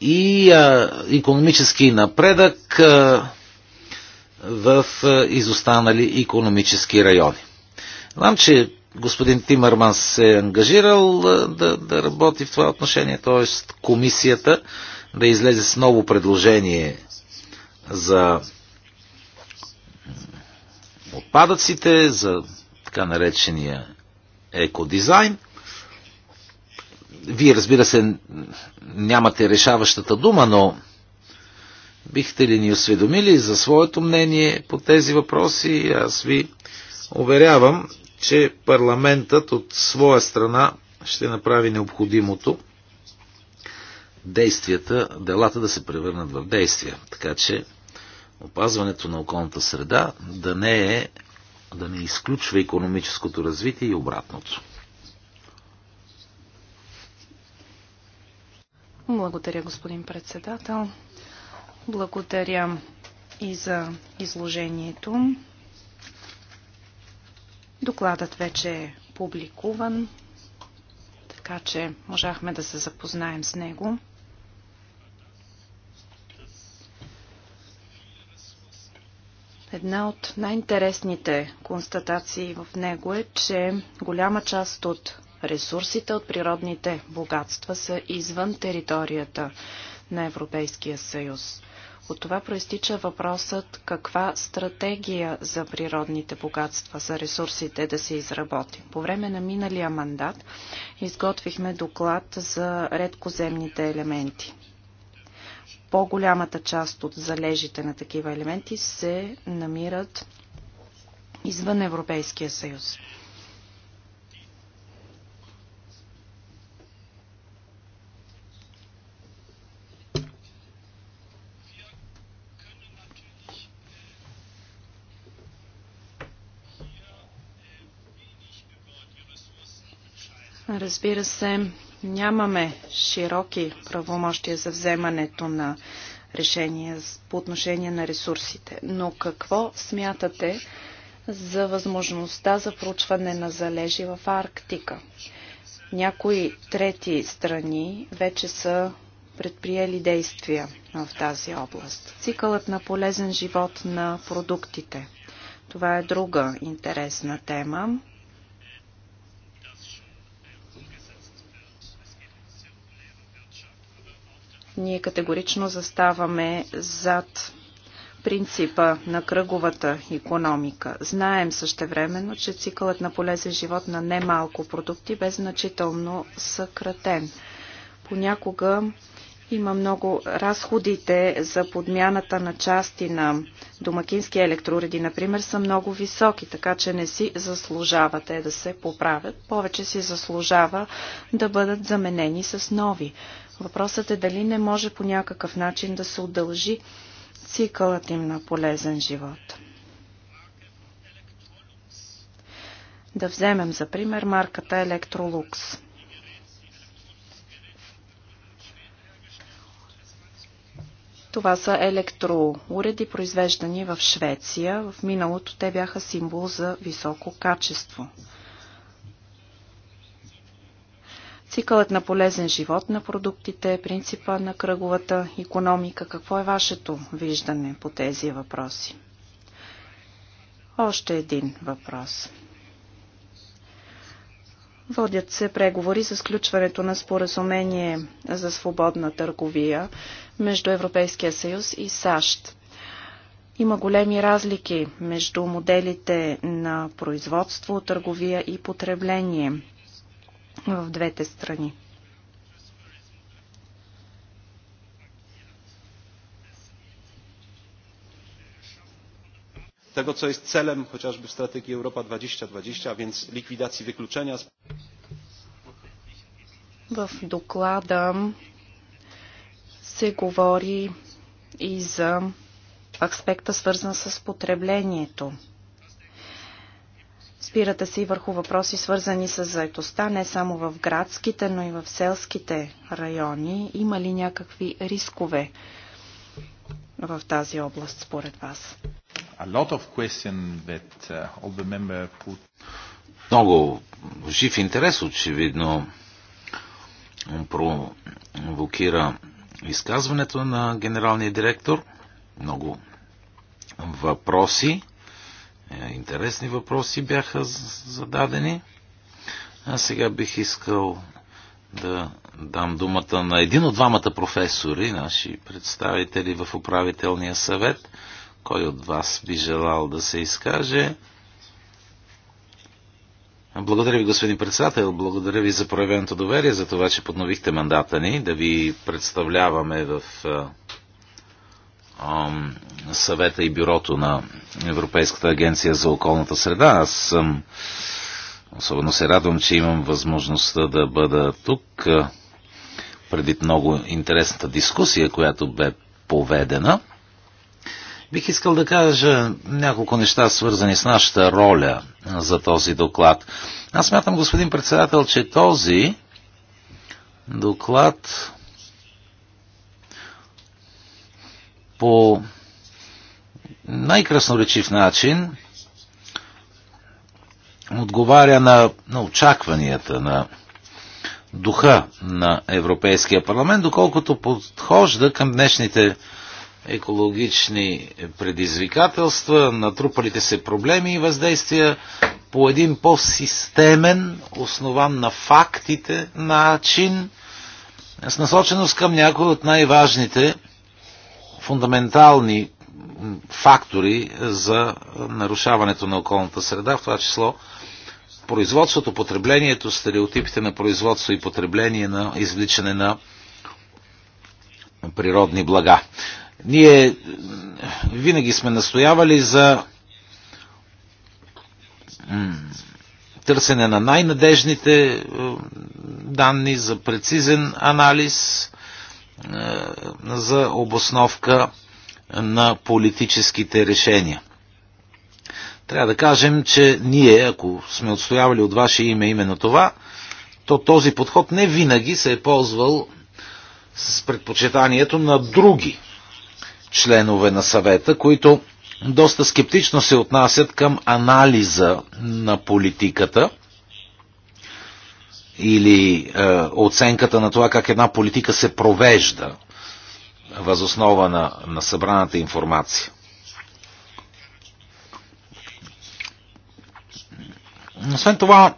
и а, економически напредък а, в е, изостанали економически райони. Знам, че господин Тимърман се е ангажирал е, да, да работи в това отношение, т.е. комисията да излезе с ново предложение за отпадъците, за така наречения екодизайн. Вие, разбира се, нямате решаващата дума, но Бихте ли ни осведомили за своето мнение по тези въпроси? Аз ви уверявам, че парламентът от своя страна ще направи необходимото действията, делата да се превърнат в действия. Така че опазването на околната среда да не е, да не изключва економическото развитие и обратното. Благодаря, господин председател. Благодаря и за изложението. Докладът вече е публикуван, така че можахме да се запознаем с него. Една от най-интересните констатации в него е, че голяма част от ресурсите от природните богатства са извън територията на Европейския съюз. От това проистича въпросът каква стратегия за природните богатства, за ресурсите да се изработи. По време на миналия мандат изготвихме доклад за редкоземните елементи. По-голямата част от залежите на такива елементи се намират извън Европейския съюз. Разбира се, нямаме широки правомощия за вземането на решения по отношение на ресурсите. Но какво смятате за възможността за проучване на залежи в Арктика? Някои трети страни вече са предприели действия в тази област. Цикълът на полезен живот на продуктите. Това е друга интересна тема. Ние категорично заставаме зад принципа на кръговата економика. Знаем същевременно, че цикълът на полезен живот на немалко продукти бе значително съкратен. Понякога има много разходите за подмяната на части на домакински електроуреди, например, са много високи, така че не си заслужава те да се поправят. Повече си заслужава да бъдат заменени с нови. Въпросът е дали не може по някакъв начин да се удължи цикълът им на полезен живот. Да вземем за пример марката Electrolux. Това са електроуреди, произвеждани в Швеция. В миналото те бяха символ за високо качество. Цикълът на полезен живот на продуктите, принципа на кръговата економика. Какво е вашето виждане по тези въпроси? Още един въпрос. Водят се преговори за сключването на споразумение за свободна търговия между Европейския съюз и САЩ. Има големи разлики между моделите на производство, търговия и потребление в двете страни. tego co jest celem chociażby w strategii europa 2020, a więc likwidacji wykluczenia W dokładzie się mówi i z аспекта związanego z потреблението. Спирате се и върху въпроси, свързани с заетостта, не само в градските, но и в селските райони. Има ли някакви рискове в тази област, според вас? Uh, put... Много жив интерес, очевидно, провокира изказването на генералния директор. Много въпроси. Е, интересни въпроси бяха зададени. А сега бих искал да дам думата на един от двамата професори, наши представители в управителния съвет. Кой от вас би желал да се изкаже? Благодаря ви, господин председател. Благодаря ви за проявеното доверие, за това, че подновихте мандата ни да ви представляваме в съвета и бюрото на Европейската агенция за околната среда. Аз съм особено се радвам, че имам възможността да бъда тук преди много интересната дискусия, която бе поведена. Бих искал да кажа няколко неща, свързани с нашата роля за този доклад. Аз мятам, господин председател, че този доклад по най-красноречив начин отговаря на, на очакванията, на духа на Европейския парламент, доколкото подхожда към днешните екологични предизвикателства, натрупалите се проблеми и въздействия по един по-системен, основан на фактите начин, с насоченост към някои от най-важните фундаментални фактори за нарушаването на околната среда, в това число производството, потреблението, стереотипите на производство и потребление на извличане на природни блага. Ние винаги сме настоявали за търсене на най-надежните данни, за прецизен анализ, е, за обосновка на политическите решения. Трябва да кажем, че ние, ако сме отстоявали от ваше име именно това, то този подход не винаги се е ползвал с предпочитанието на други членове на съвета, които доста скептично се отнасят към анализа на политиката или е, оценката на това как една политика се провежда възоснова на, на събраната информация. Освен това,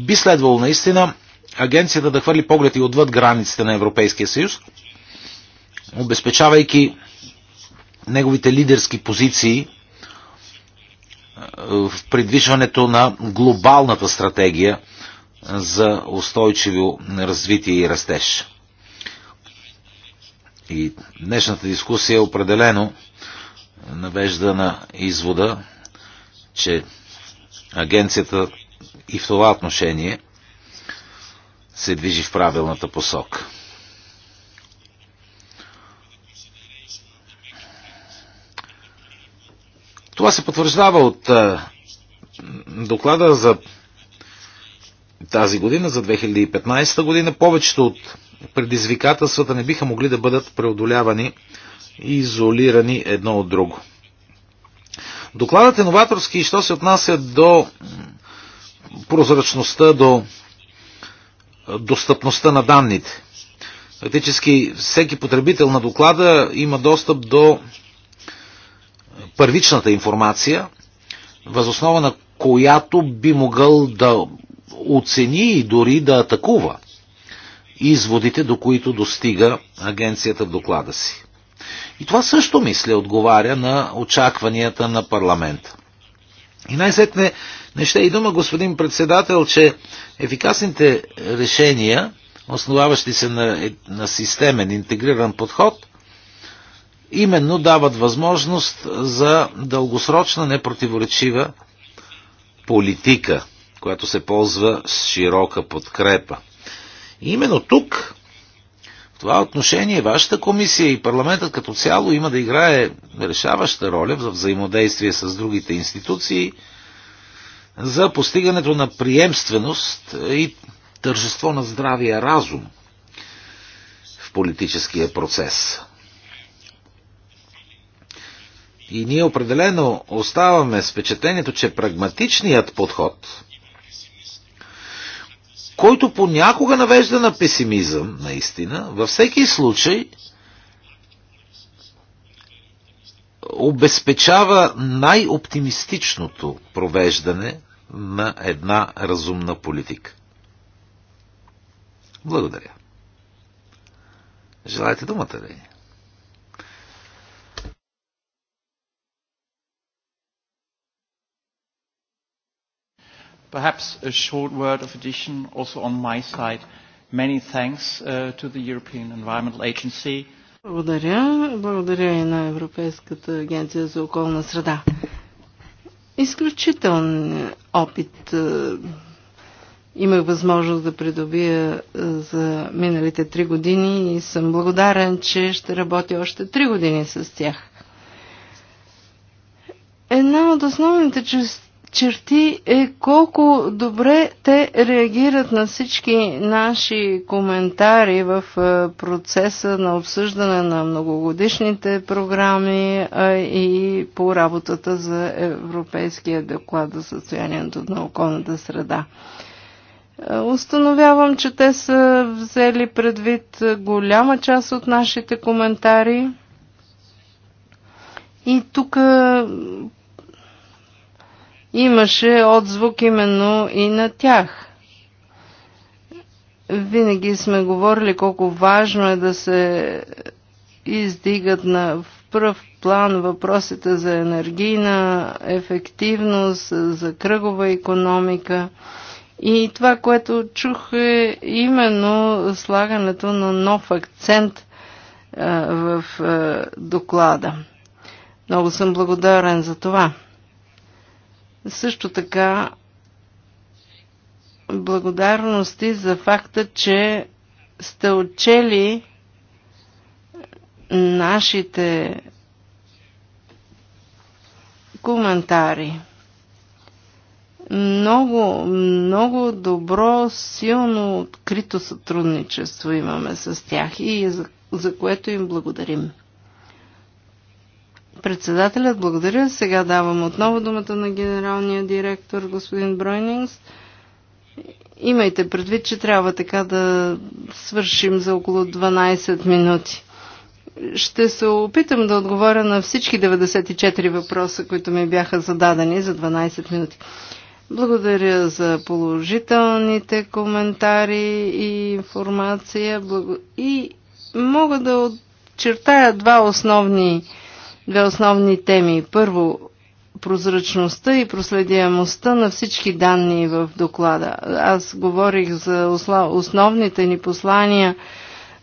би следвало наистина агенцията да хвърли поглед и отвъд границите на Европейския съюз, обезпечавайки неговите лидерски позиции в придвижването на глобалната стратегия за устойчиво развитие и растеж. И днешната дискусия е определено навежда на извода, че агенцията и в това отношение се движи в правилната посока. Това се потвърждава от е, доклада за тази година, за 2015 година. Повечето от предизвикателствата не биха могли да бъдат преодолявани и изолирани едно от друго. Докладът е новаторски и що се отнася до прозрачността, до достъпността на данните. Фактически всеки потребител на доклада има достъп до първичната информация, възоснова на която би могъл да оцени и дори да атакува изводите, до които достига агенцията в доклада си. И това също, мисля, отговаря на очакванията на парламента. И най-сетне не ще и дума, господин председател, че ефикасните решения, основаващи се на, е, на системен интегриран подход, именно дават възможност за дългосрочна непротиворечива политика, която се ползва с широка подкрепа. И именно тук, в това отношение, вашата комисия и парламентът като цяло има да играе решаваща роля в взаимодействие с другите институции за постигането на приемственост и тържество на здравия разум в политическия процес. И ние определено оставаме с впечатлението, че прагматичният подход, който понякога навежда на песимизъм, наистина, във всеки случай обезпечава най-оптимистичното провеждане на една разумна политика. Благодаря. Желаете думата ли? Perhaps a short word of addition also on my side. Many thanks uh, to the European Environmental Agency. Благодаря. Благодаря и на Европейската агенция за околна среда. Изключителен опит е, имах възможност да придобия е, за миналите три години и съм благодарен, че ще работя още три години с тях. Една от основните части черти е колко добре те реагират на всички наши коментари в е, процеса на обсъждане на многогодишните програми и по работата за Европейския доклад за състоянието на околната среда. Е, установявам, че те са взели предвид голяма част от нашите коментари. И тук имаше отзвук именно и на тях. Винаги сме говорили колко важно е да се издигат на в пръв план въпросите за енергийна ефективност, за кръгова економика. И това, което чух е именно слагането на нов акцент в доклада. Много съм благодарен за това. Също така благодарности за факта, че сте отчели нашите коментари. Много, много добро, силно открито сътрудничество имаме с тях и за, за което им благодарим. Председателят, благодаря. Сега давам отново думата на генералния директор господин Бройнингс. Имайте предвид, че трябва така да свършим за около 12 минути. Ще се опитам да отговоря на всички 94 въпроса, които ми бяха зададени за 12 минути. Благодаря за положителните коментари и информация. И мога да отчертая два основни две основни теми. Първо, прозрачността и проследяемостта на всички данни в доклада. Аз говорих за основните ни послания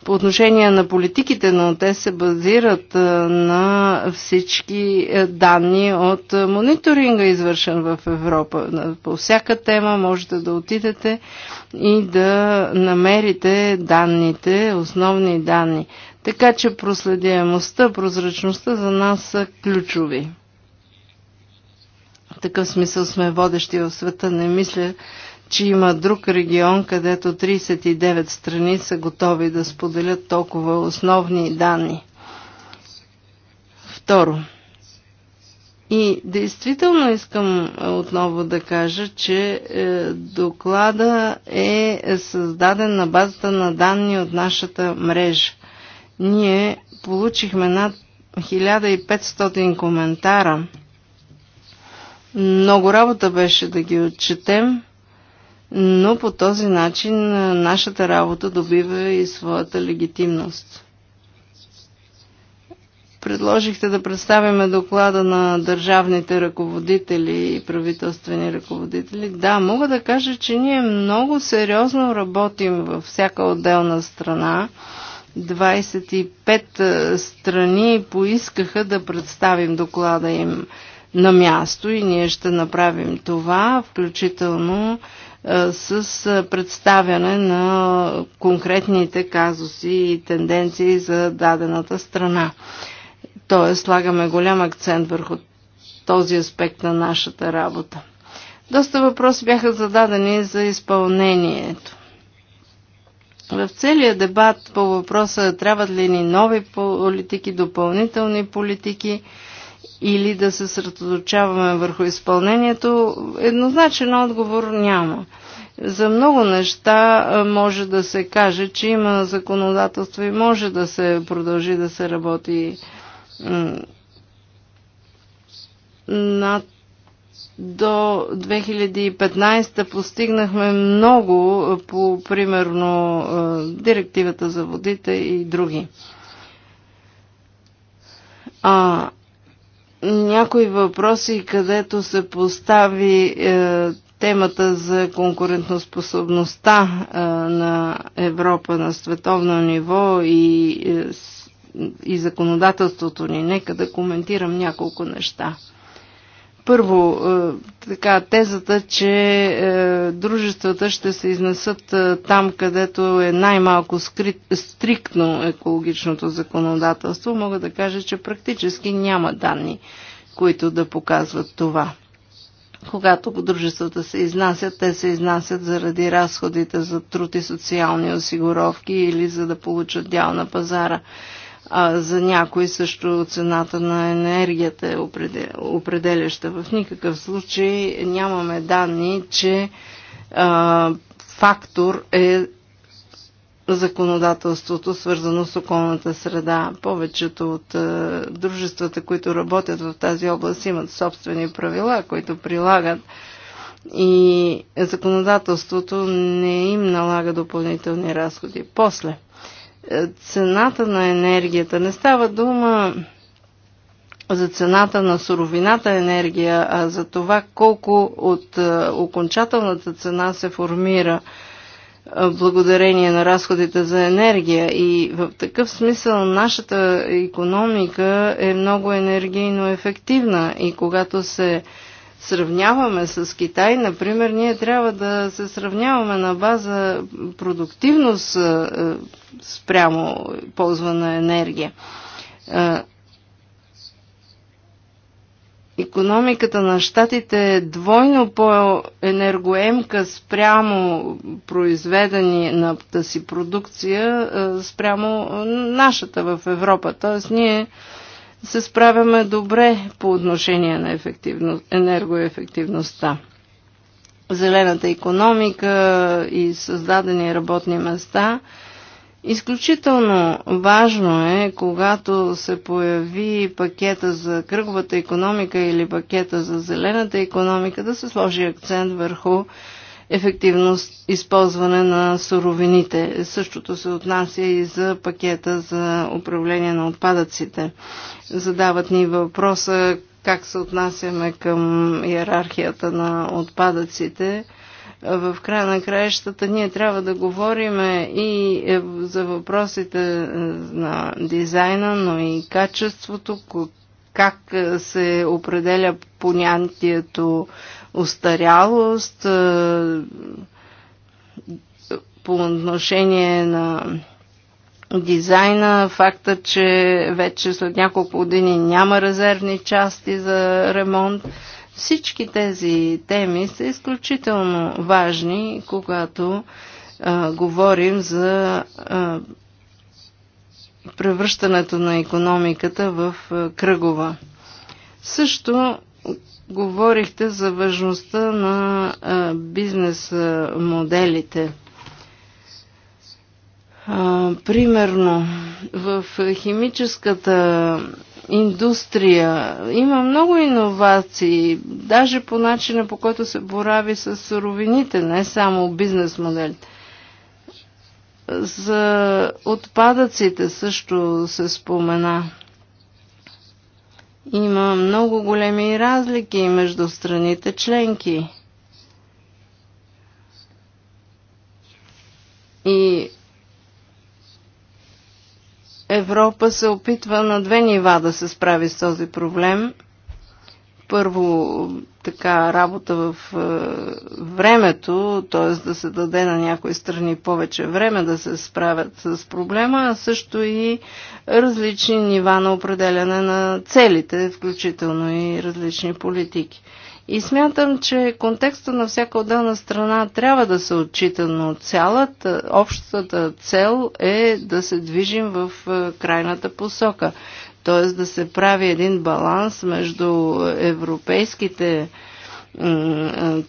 по отношение на политиките, но те се базират на всички е, данни от е, мониторинга, извършен в Европа. По всяка тема можете да отидете и да намерите данните, основни данни. Така че проследяемостта, прозрачността за нас са ключови. В такъв смисъл сме водещи в света. Не мисля, че има друг регион, където 39 страни са готови да споделят толкова основни данни. Второ. И действително искам отново да кажа, че е, доклада е създаден на базата на данни от нашата мрежа. Ние получихме над 1500 коментара. Много работа беше да ги отчетем, но по този начин нашата работа добива и своята легитимност. Предложихте да представиме доклада на държавните ръководители и правителствени ръководители. Да, мога да кажа, че ние много сериозно работим във всяка отделна страна 25 страни поискаха да представим доклада им на място и ние ще направим това, включително с представяне на конкретните казуси и тенденции за дадената страна. Тоест, слагаме голям акцент върху този аспект на нашата работа. Доста въпроси бяха зададени за изпълнението. В целия дебат по въпроса трябват ли ни нови политики, допълнителни политики или да се съсредоточаваме върху изпълнението, еднозначен отговор няма. За много неща може да се каже, че има законодателство и може да се продължи да се работи над до 2015 постигнахме много по примерно директивата за водите и други. А, някои въпроси, където се постави е, темата за конкурентоспособността е, на Европа на световно ниво и, е, и законодателството ни. Нека да коментирам няколко неща. Първо, е, така, тезата, че е, дружествата ще се изнесат е, там, където е най-малко стриктно екологичното законодателство, мога да кажа, че практически няма данни, които да показват това. Когато дружествата се изнасят, те се изнасят заради разходите за труд и социални осигуровки или за да получат дял на пазара а за някой също цената на енергията е определяща. В никакъв случай нямаме данни, че а, фактор е законодателството, свързано с околната среда. Повечето от а, дружествата, които работят в тази област, имат собствени правила, които прилагат и законодателството не им налага допълнителни разходи. После – е, цената на енергията. Не става дума за цената на суровината енергия, а за това колко от е, окончателната цена се формира е, благодарение на разходите за енергия. И в такъв смисъл нашата економика е много енергийно ефективна и когато се сравняваме с Китай, например, ние трябва да се сравняваме на база продуктивност е, спрямо ползвана енергия. Е, економиката на щатите е двойно по-енергоемка спрямо произведени на си продукция е, спрямо нашата в Европа. Тоест ние се справяме добре по отношение на ефективно, енергоефективността. Зелената економика и създадени работни места. Изключително важно е, когато се появи пакета за кръговата економика или пакета за зелената економика, да се сложи акцент върху ефективност използване на суровините. Същото се отнася и за пакета за управление на отпадъците. Задават ни въпроса как се отнасяме към иерархията на отпадъците в края на краищата ние трябва да говорим и е за въпросите е, на дизайна, но и качеството, как е, се определя понятието устарялост, е, по отношение на дизайна, факта, че вече след няколко години няма резервни части за ремонт. Всички тези теми са изключително важни, когато а, е, говорим за а, е, превръщането на економиката в а, кръгова. Също говорихте за важността на бизнес моделите. Примерно, в химическата индустрия има много иновации, даже по начина по който се борави с суровините, не само бизнес моделите. За отпадъците също се спомена. Има много големи разлики между страните членки. И Европа се опитва на две нива да се справи с този проблем – първо така работа в е, времето, т.е. да се даде на някои страни повече време да се справят с проблема, а също и различни нива на определяне на целите, включително и различни политики. И смятам, че контекста на всяка отделна страна трябва да се отчита, но цялата, е, общата цел е да се движим в е, крайната посока – т.е. да се прави един баланс между европейските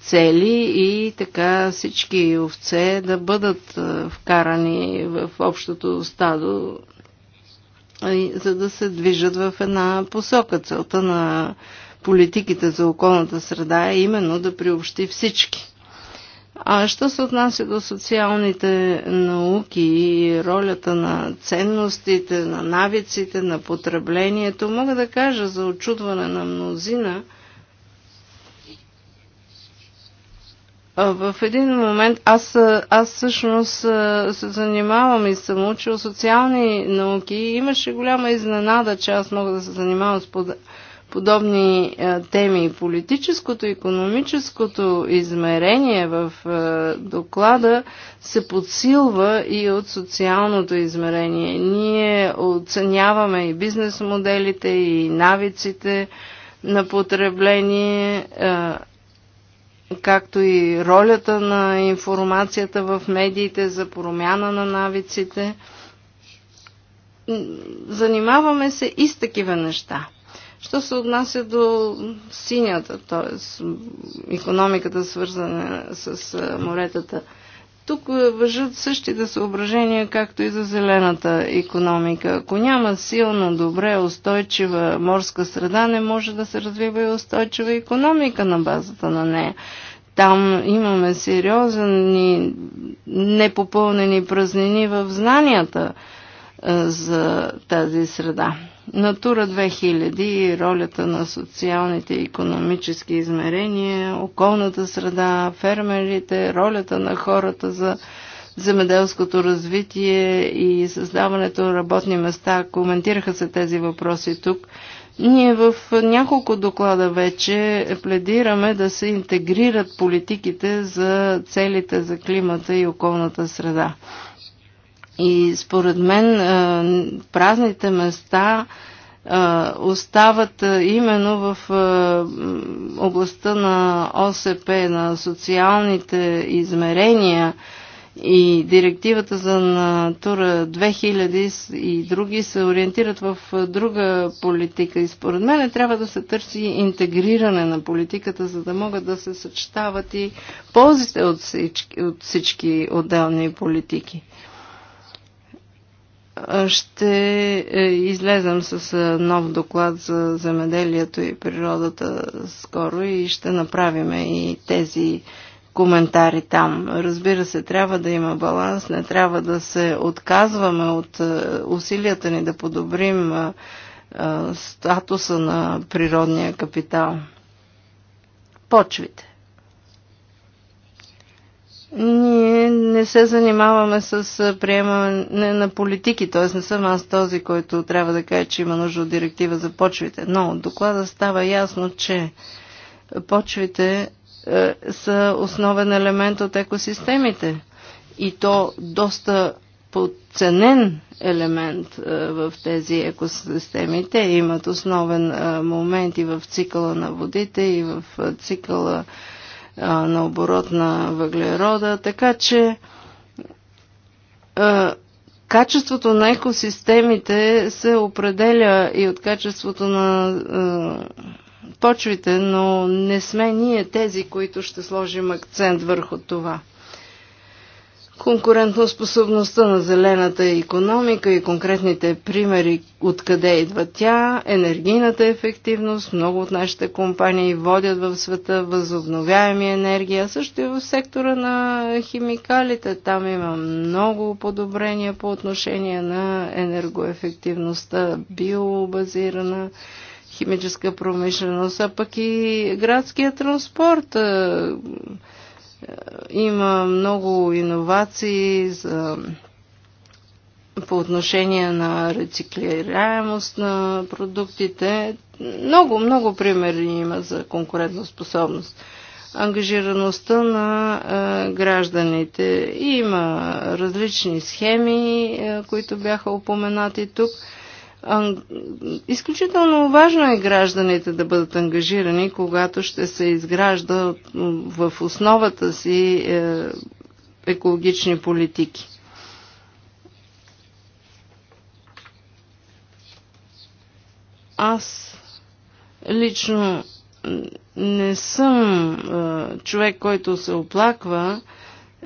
цели и така всички овце да бъдат вкарани в общото стадо, за да се движат в една посока. Целта на политиките за околната среда е именно да приобщи всички. А що се отнася до социалните науки и ролята на ценностите, на навиците, на потреблението, мога да кажа за очудване на мнозина, в един момент аз, аз всъщност се занимавам и съм учил социални науки и имаше голяма изненада, че аз мога да се занимавам с подобни е, теми. Политическото, економическото измерение в е, доклада се подсилва и от социалното измерение. Ние оценяваме и бизнес моделите, и навиците на потребление, е, както и ролята на информацията в медиите за промяна на навиците. Занимаваме се и с такива неща. Що се отнася до синята, т.е. економиката свързана с моретата, тук въжат същите съображения, както и за зелената економика. Ако няма силна, добре, устойчива морска среда, не може да се развива и устойчива економика на базата на нея. Там имаме сериозни непопълнени празнини в знанията за тази среда. Натура 2000 и ролята на социалните и економически измерения, околната среда, фермерите, ролята на хората за земеделското развитие и създаването на работни места. Коментираха се тези въпроси тук. Ние в няколко доклада вече пледираме да се интегрират политиките за целите за климата и околната среда. И според мен празните места остават именно в областта на ОСП, на социалните измерения и директивата за Натура 2000 и други се ориентират в друга политика. И според мен трябва да се търси интегриране на политиката, за да могат да се съчетават и ползите от всички, от всички отделни политики ще е, излезем с е, нов доклад за земеделието и природата скоро и ще направим и тези коментари там. Разбира се, трябва да има баланс, не трябва да се отказваме от е, усилията ни да подобрим статуса на природния капитал. Почвите. Ние не се занимаваме с приемане на политики, т.е. не съм аз този, който трябва да каже, че има нужда от директива за почвите. Но от доклада става ясно, че почвите е, са основен елемент от екосистемите. И то доста подценен елемент е, в тези екосистеми. Те имат основен е, момент и в цикъла на водите, и в цикъла е, на оборот на въглерода, така че качеството на екосистемите се определя и от качеството на почвите, но не сме ние тези, които ще сложим акцент върху това конкурентоспособността на зелената економика и конкретните примери откъде идва тя, енергийната ефективност, много от нашите компании водят в света възобновяеми енергия, също и в сектора на химикалите. Там има много подобрения по отношение на енергоефективността, биобазирана химическа промишленост, а пък и градския транспорт има много иновации за по отношение на рециклираемост на продуктите. Много, много примери има за конкурентоспособност. Ангажираността на е, гражданите. Има различни схеми, е, които бяха упоменати тук. Е, Изключително важно е гражданите да бъдат ангажирани, когато ще се изгражда в основата си е, екологични политики. Аз лично не съм е, човек, който се оплаква,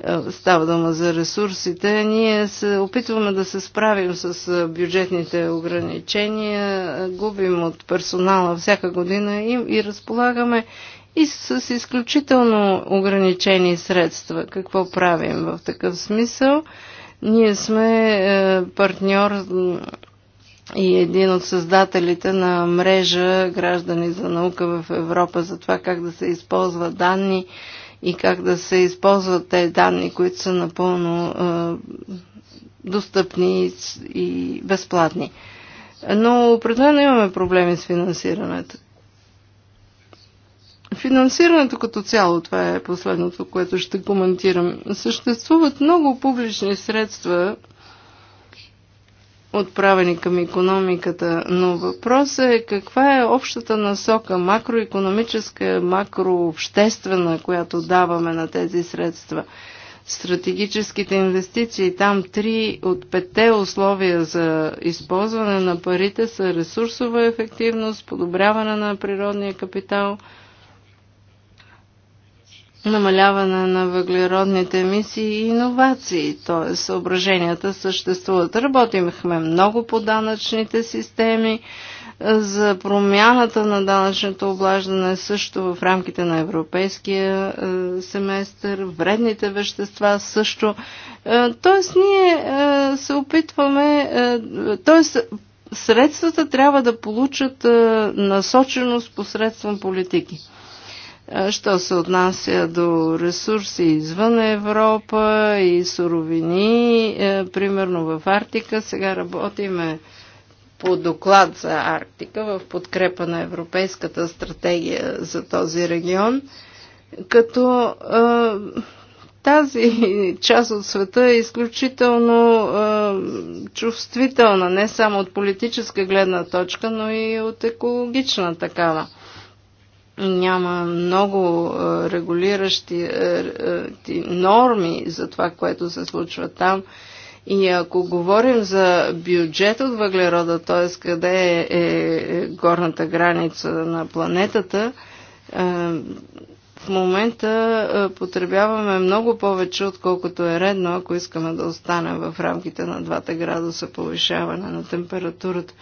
е, става дума за ресурсите. Ние се опитваме да се справим с е, бюджетните ограничения, е, губим от персонала всяка година и, и разполагаме и с изключително ограничени средства. Какво правим в такъв смисъл? Ние сме партньор и един от създателите на мрежа Граждани за наука в Европа за това как да се използва данни и как да се използват тези данни, които са напълно е, достъпни и безплатни. Но определено имаме проблеми с финансирането. Финансирането като цяло, това е последното, което ще коментирам. Съществуват много публични средства, отправени към економиката, но въпросът е каква е общата насока, макроекономическа, макрообществена, която даваме на тези средства. Стратегическите инвестиции, там три от петте условия за използване на парите са ресурсова ефективност, подобряване на природния капитал – намаляване на въглеродните емисии и иновации, т.е. съображенията съществуват. Работихме много по данъчните системи, за промяната на данъчното облаждане също в рамките на европейския е, семестър, вредните вещества също. Е, тоест ние е, се опитваме, тоест средствата трябва да получат насоченост посредством политики. Що се отнася до ресурси извън Европа и суровини, е, примерно в Арктика, сега работиме по доклад за Арктика в подкрепа на Европейската стратегия за този регион, като е, тази част от света е изключително е, чувствителна, не само от политическа гледна точка, но и от екологична такава няма много регулиращи норми за това, което се случва там. И ако говорим за бюджет от въглерода, т.е. къде е, е, е горната граница на планетата, в момента потребяваме много повече, отколкото е редно, ако искаме да останем в рамките на 2 градуса повишаване на температурата.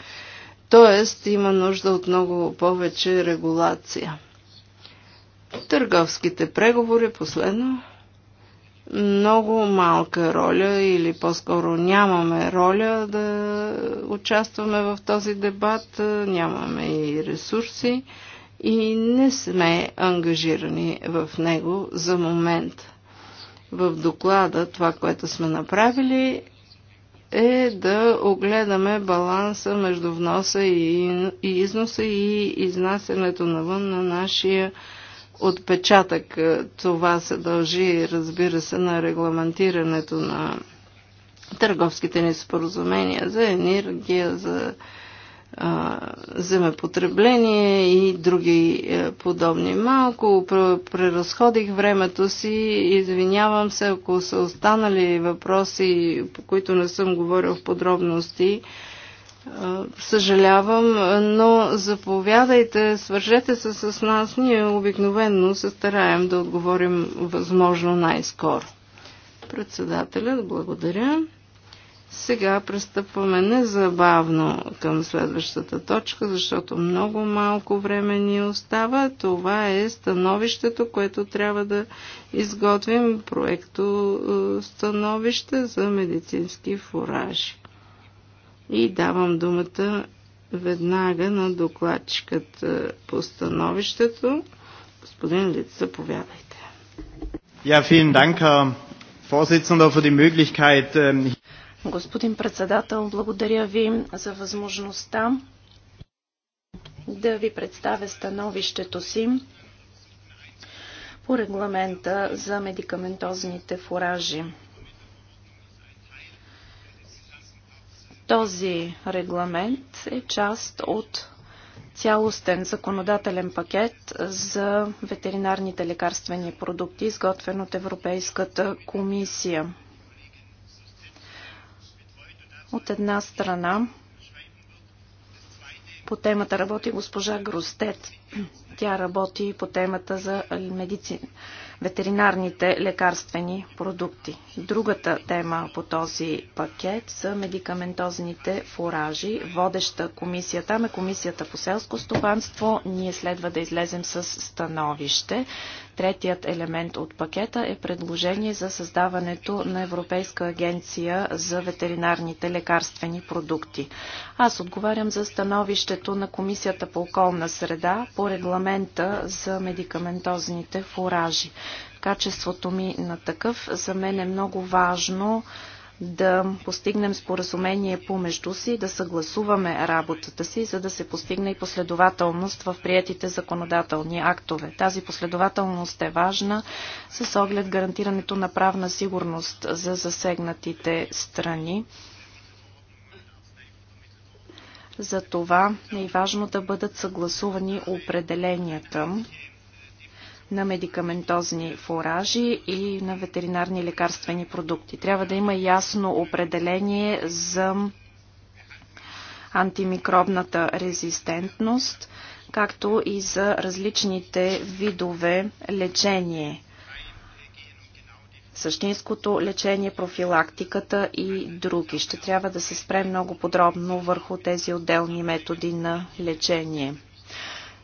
Тоест има нужда от много повече регулация. Търговските преговори последно много малка роля или по-скоро нямаме роля да участваме в този дебат, нямаме и ресурси и не сме ангажирани в него за момент. В доклада това, което сме направили е да огледаме баланса между вноса и износа и изнасянето навън на нашия отпечатък. Това се дължи, разбира се, на регламентирането на търговските ни споразумения за енергия, за земепотребление и други е, подобни. Малко преразходих времето си, извинявам се, ако са останали въпроси, по които не съм говорил в подробности. Е, съжалявам, е, но заповядайте, свържете се с нас. Ние обикновенно се стараем да отговорим възможно най-скоро. Председателят, благодаря. Сега пристъпваме незабавно към следващата точка, защото много малко време ни остава. Това е становището, което трябва да изготвим проекто е, становище за медицински фуражи. И давам думата веднага на докладчикът по становището. Господин Лиц, заповядайте. Я, филин данка, Herr Vorsitzender, für ähm, Господин председател, благодаря ви за възможността да ви представя становището си по регламента за медикаментозните фуражи. Този регламент е част от цялостен законодателен пакет за ветеринарните лекарствени продукти, изготвен от Европейската комисия. От една страна по темата работи госпожа Гростет. Тя работи по темата за медицин, ветеринарните лекарствени продукти. Другата тема по този пакет са медикаментозните фуражи. Водеща комисия там е комисията по селско стопанство. Ние следва да излезем с становище. Третият елемент от пакета е предложение за създаването на Европейска агенция за ветеринарните лекарствени продукти. Аз отговарям за становището на Комисията по околна среда по регламента за медикаментозните фуражи качеството ми на такъв, за мен е много важно да постигнем споразумение помежду си, да съгласуваме работата си, за да се постигне и последователност в приятите законодателни актове. Тази последователност е важна с оглед гарантирането на правна сигурност за засегнатите страни. За това е важно да бъдат съгласувани определенията на медикаментозни фуражи и на ветеринарни лекарствени продукти. Трябва да има ясно определение за антимикробната резистентност, както и за различните видове лечение. Същинското лечение, профилактиката и други. Ще трябва да се спре много подробно върху тези отделни методи на лечение.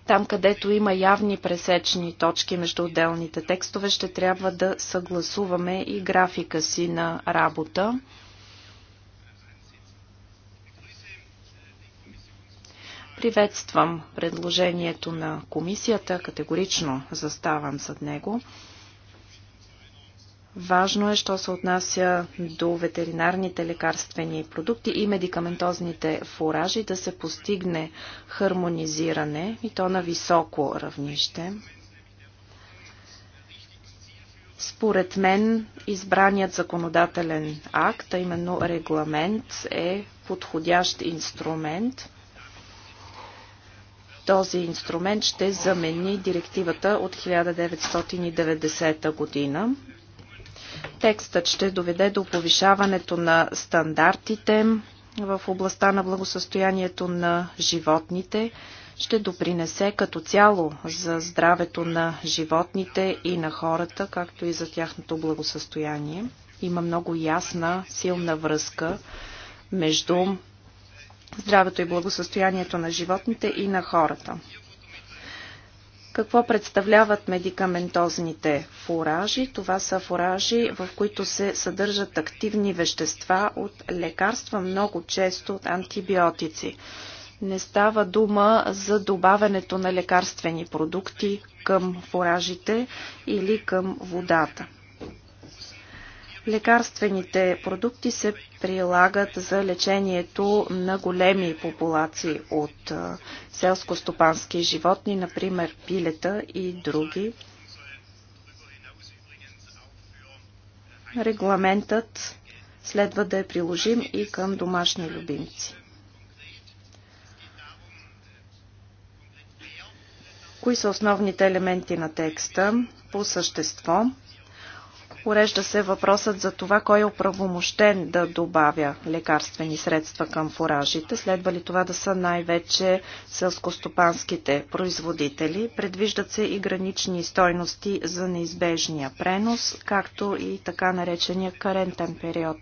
Там, където има явни пресечни точки между отделните текстове, ще трябва да съгласуваме и графика си на работа. Приветствам предложението на комисията, категорично заставам зад него. Важно е, що се отнася до ветеринарните лекарствени продукти и медикаментозните фуражи, да се постигне хармонизиране и то на високо равнище. Според мен, избраният законодателен акт, а именно регламент, е подходящ инструмент – този инструмент ще замени директивата от 1990 година. Текстът ще доведе до повишаването на стандартите в областта на благосъстоянието на животните, ще допринесе като цяло за здравето на животните и на хората, както и за тяхното благосъстояние. Има много ясна, силна връзка между здравето и благосъстоянието на животните и на хората. Какво представляват медикаментозните фуражи? Това са фуражи, в които се съдържат активни вещества от лекарства, много често от антибиотици. Не става дума за добавянето на лекарствени продукти към фуражите или към водата. Лекарствените продукти се прилагат за лечението на големи популации от селско-стопански животни, например пилета и други. Регламентът следва да е приложим и към домашни любимци. Кои са основните елементи на текста по същество? Урежда се въпросът за това, кой е оправомощен да добавя лекарствени средства към фуражите. Следва ли това да са най-вече селскостопанските производители? Предвиждат се и гранични стойности за неизбежния пренос, както и така наречения карентен период.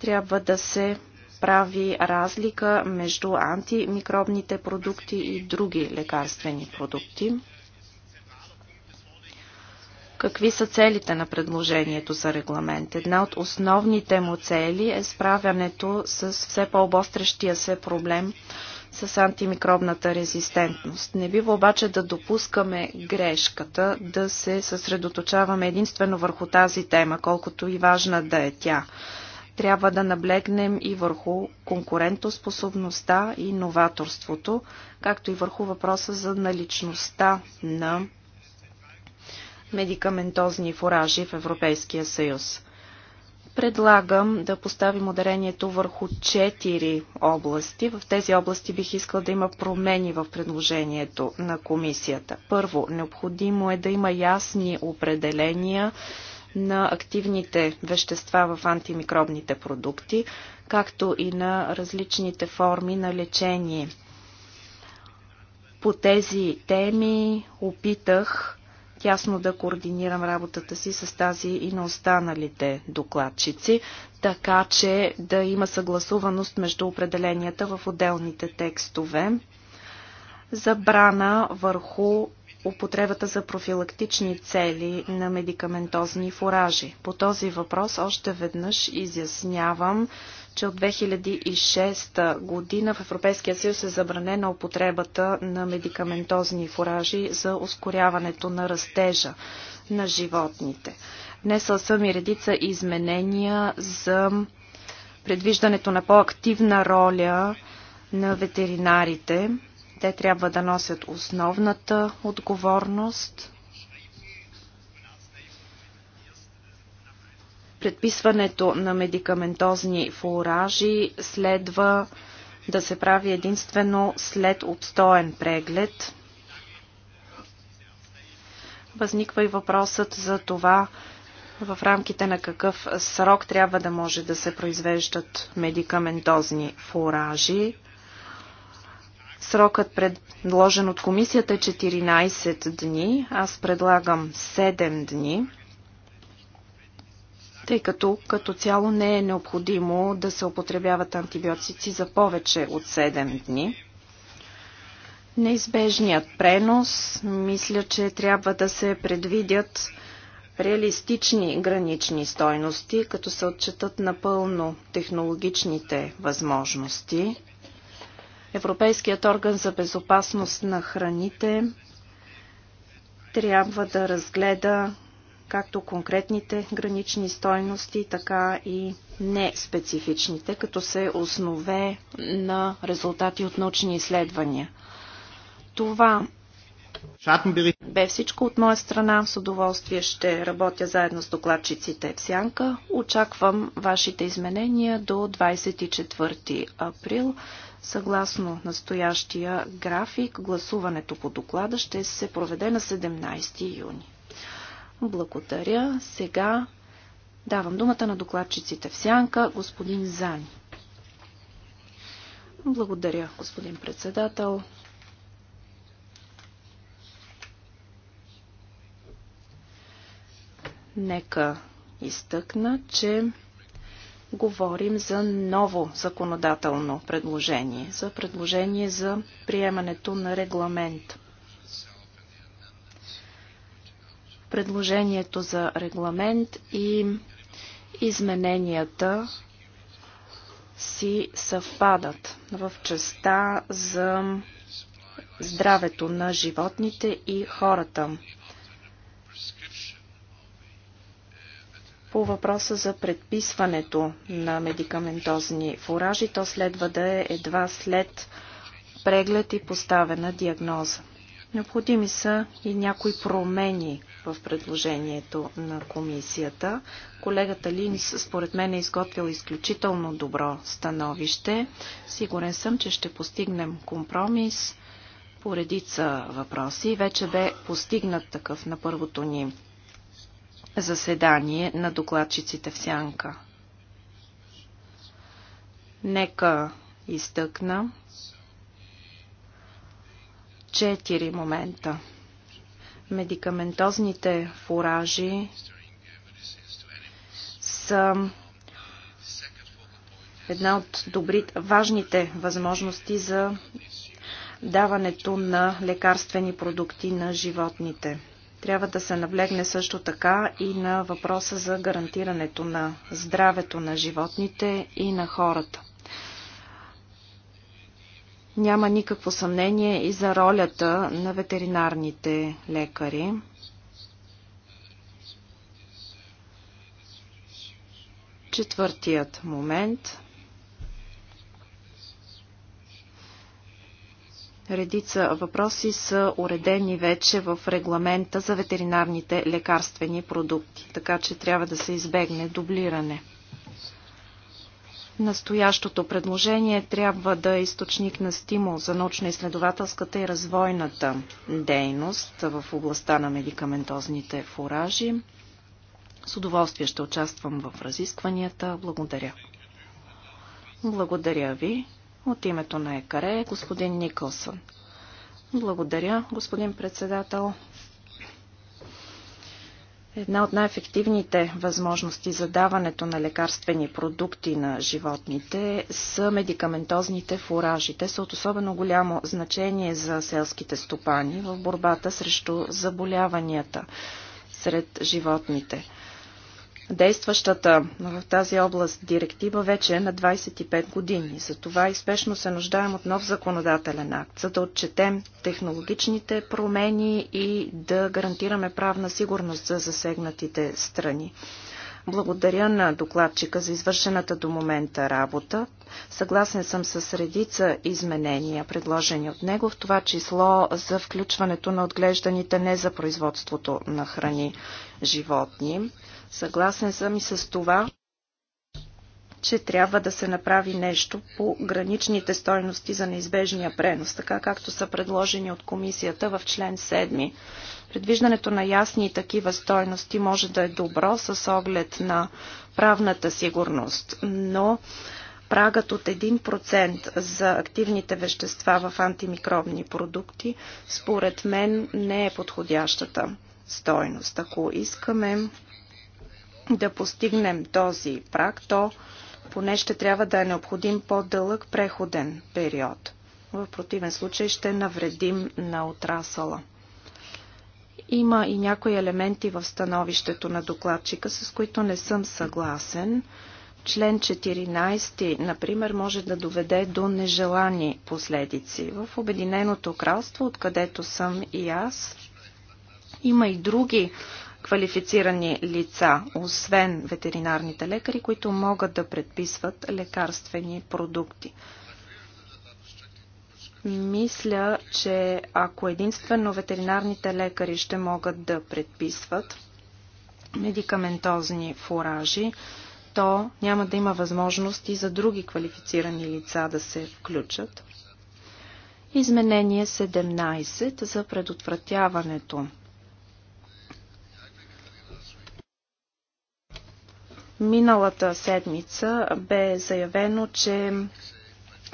Трябва да се прави разлика между антимикробните продукти и други лекарствени продукти. Какви са целите на предложението за регламент? Една от основните му цели е справянето с все по-обострещия се проблем с антимикробната резистентност. Не бива обаче да допускаме грешката да се съсредоточаваме единствено върху тази тема, колкото и важна да е тя. Трябва да наблегнем и върху конкурентоспособността и новаторството, както и върху въпроса за наличността на медикаментозни фуражи в Европейския съюз. Предлагам да поставим ударението върху четири области. В тези области бих искал да има промени в предложението на комисията. Първо, необходимо е да има ясни определения на активните вещества в антимикробните продукти, както и на различните форми на лечение. По тези теми опитах тясно да координирам работата си с тази и на останалите докладчици, така че да има съгласуваност между определенията в отделните текстове. Забрана върху употребата за профилактични цели на медикаментозни фуражи. По този въпрос още веднъж изяснявам, че от 2006 година в Европейския съюз е забранена употребата на медикаментозни фуражи за ускоряването на растежа на животните. Днес съм и редица изменения за предвиждането на по-активна роля на ветеринарите. Те трябва да носят основната отговорност Предписването на медикаментозни фуражи следва да се прави единствено след обстоен преглед. Възниква и въпросът за това, в рамките на какъв срок трябва да може да се произвеждат медикаментозни фуражи. Срокът предложен от комисията е 14 дни, аз предлагам 7 дни тъй като като цяло не е необходимо да се употребяват антибиотици за повече от 7 дни. Неизбежният пренос, мисля, че трябва да се предвидят реалистични гранични стойности, като се отчетат напълно технологичните възможности. Европейският орган за безопасност на храните трябва да разгледа както конкретните гранични стойности, така и неспецифичните, като се основе на резултати от научни изследвания. Това бе всичко от моя страна. С удоволствие ще работя заедно с докладчиците в Сянка. Очаквам вашите изменения до 24 април. Съгласно настоящия график, гласуването по доклада ще се проведе на 17 юни. Благодаря. Сега давам думата на докладчиците в сянка, господин Зани. Благодаря, господин председател. Нека изтъкна, че говорим за ново законодателно предложение, за предложение за приемането на регламент. предложението за регламент и измененията си съвпадат в частта за здравето на животните и хората. По въпроса за предписването на медикаментозни фуражи, то следва да е едва след преглед и поставена диагноза. Необходими са и някои промени в предложението на комисията. Колегата Линс, според мен, е изготвил изключително добро становище. Сигурен съм, че ще постигнем компромис по редица въпроси. Вече бе постигнат такъв на първото ни заседание на докладчиците в Сянка. Нека изтъкна четири момента – медикаментозните фуражи са една от добри, важните възможности за даването на лекарствени продукти на животните. Трябва да се наблегне също така и на въпроса за гарантирането на здравето на животните и на хората. Няма никакво съмнение и за ролята на ветеринарните лекари. Четвъртият момент. Редица въпроси са уредени вече в регламента за ветеринарните лекарствени продукти, така че трябва да се избегне дублиране. Настоящото предложение трябва да е източник на стимул за научно-изследователската и развойната дейност в областта на медикаментозните фуражи. С удоволствие ще участвам в разискванията. Благодаря. Благодаря ви. От името на ЕКАРЕ господин Никълсън. Благодаря, господин председател. Една от най-ефективните възможности за даването на лекарствени продукти на животните са медикаментозните фуражи. Те са от особено голямо значение за селските стопани в борбата срещу заболяванията сред животните. Действащата в тази област директива вече е на 25 години. Затова и спешно се нуждаем от нов законодателен акт, за да отчетем технологичните промени и да гарантираме правна сигурност за засегнатите страни. Благодаря на докладчика за извършената до момента работа. Съгласен съм с редица изменения, предложени от него, в това число за включването на отглежданите не за производството на храни животни. Съгласен съм и с това, че трябва да се направи нещо по граничните стойности за неизбежния пренос, така както са предложени от комисията в член 7. Предвиждането на ясни такива стойности може да е добро с оглед на правната сигурност, но прагът от 1% за активните вещества в антимикробни продукти, според мен не е подходящата стойност. Ако искаме да постигнем този прак, то поне ще трябва да е необходим по-дълъг преходен период. В противен случай ще навредим на отрасъла. Има и някои елементи в становището на докладчика, с които не съм съгласен. Член 14, например, може да доведе до нежелани последици. В Обединеното кралство, откъдето съм и аз, има и други квалифицирани лица, освен ветеринарните лекари, които могат да предписват лекарствени продукти. Мисля, че ако единствено ветеринарните лекари ще могат да предписват медикаментозни фуражи, то няма да има възможности за други квалифицирани лица да се включат. Изменение 17 за предотвратяването Миналата седмица бе заявено, че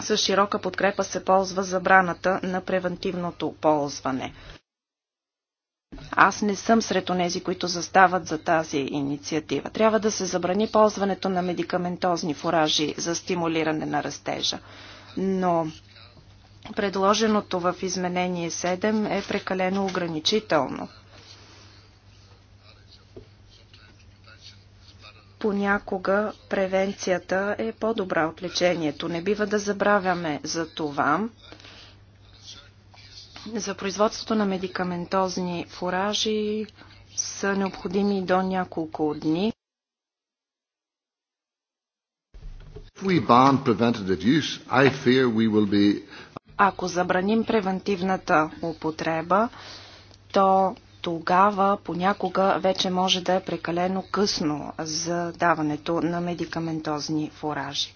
с широка подкрепа се ползва забраната на превентивното ползване. Аз не съм сред онези, които застават за тази инициатива. Трябва да се забрани ползването на медикаментозни фуражи за стимулиране на растежа. Но предложеното в изменение 7 е прекалено ограничително. понякога превенцията е по-добра от лечението. Не бива да забравяме за това. За производството на медикаментозни фуражи са необходими до няколко дни. Ако забраним превентивната употреба, то тогава понякога вече може да е прекалено късно за даването на медикаментозни фуражи.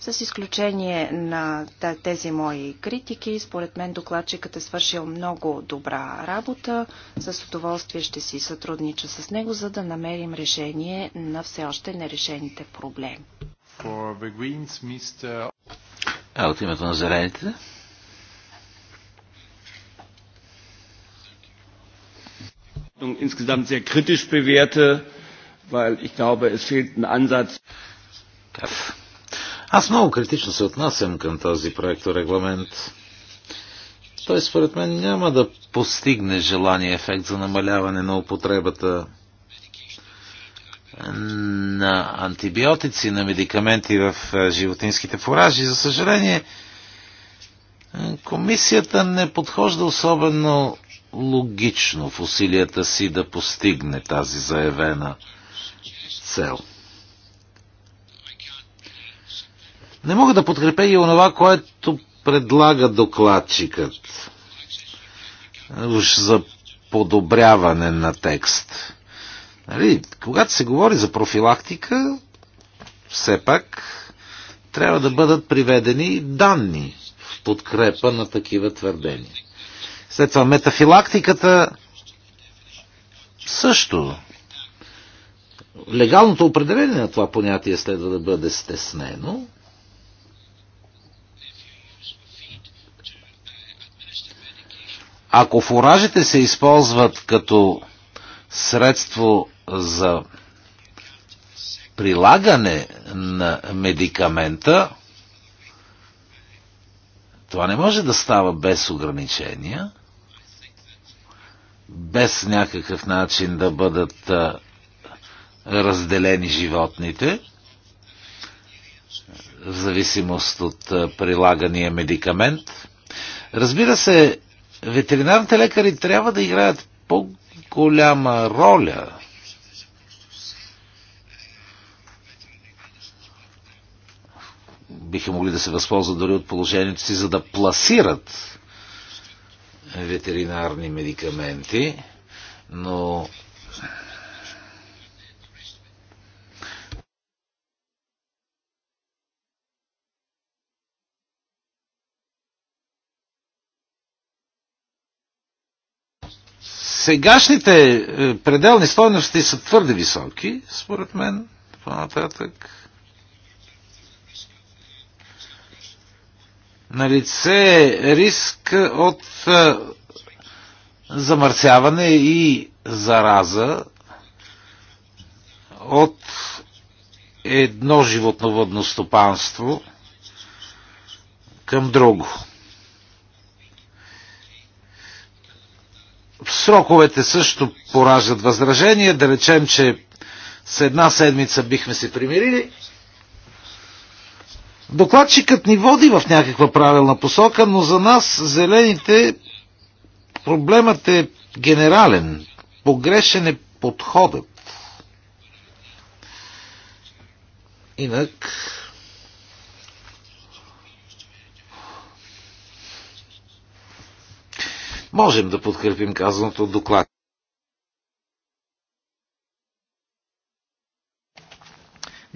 С изключение на тези мои критики, според мен докладчикът е свършил много добра работа. С удоволствие ще си сътруднича с него, за да намерим решение на все още нерешените проблеми. А от името на зелените? insgesamt sehr kritisch bewerte, weil ich glaube, es fehlt ein Ansatz. Аз много критично се отнасям към този регламент. Той според мен няма да постигне желания ефект за намаляване на употребата на антибиотици, на медикаменти в е, животинските фуражи. За съжаление, е, комисията не подхожда особено логично в усилията си да постигне тази заявена цел. Не мога да подкрепя и онова, което предлага докладчикът уж за подобряване на текст. Нали, когато се говори за профилактика, все пак трябва да бъдат приведени данни в подкрепа на такива твърдения. След това метафилактиката също. Легалното определение на това понятие следва да бъде стеснено. Ако фуражите се използват като средство за прилагане на медикамента, това не може да става без ограничения без някакъв начин да бъдат разделени животните, в зависимост от прилагания медикамент. Разбира се, ветеринарните лекари трябва да играят по-голяма роля биха могли да се възползват дори от положението си, за да пласират ветеринарни медикаменти, но сегашните е, пределни стойности са твърде високи, според мен, по-нататък. на лице е риск от е, замърсяване и зараза от едно животновъдно стопанство към друго. Сроковете също пораждат възражение. Да речем, че с една седмица бихме се примирили, Докладчикът ни води в някаква правилна посока, но за нас, зелените, проблемът е генерален. Погрешен е подходът. Инак, можем да подкрепим казаното от доклад.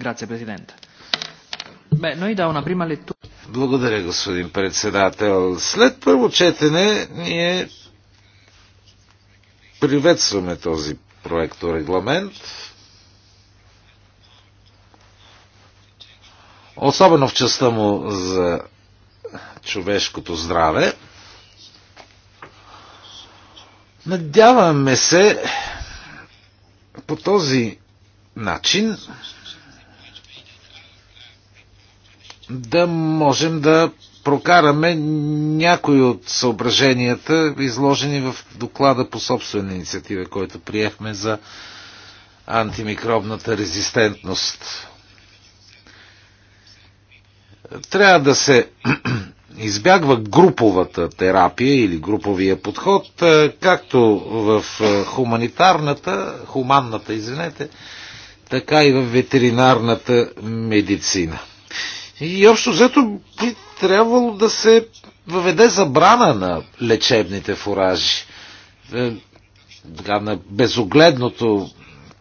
Grazie Presidente. Бе, но и да, на прима Благодаря, господин председател. След първо четене ние приветстваме този проекторегламент. Особено в частта му за човешкото здраве. Надяваме се по този начин да можем да прокараме някои от съображенията, изложени в доклада по собствена инициатива, който приехме за антимикробната резистентност. Трябва да се *clears throat* избягва груповата терапия или груповия подход, както в хуманитарната, хуманната, извинете, така и в ветеринарната медицина. И общо взето би трябвало да се въведе забрана на лечебните фуражи. Е, на безогледното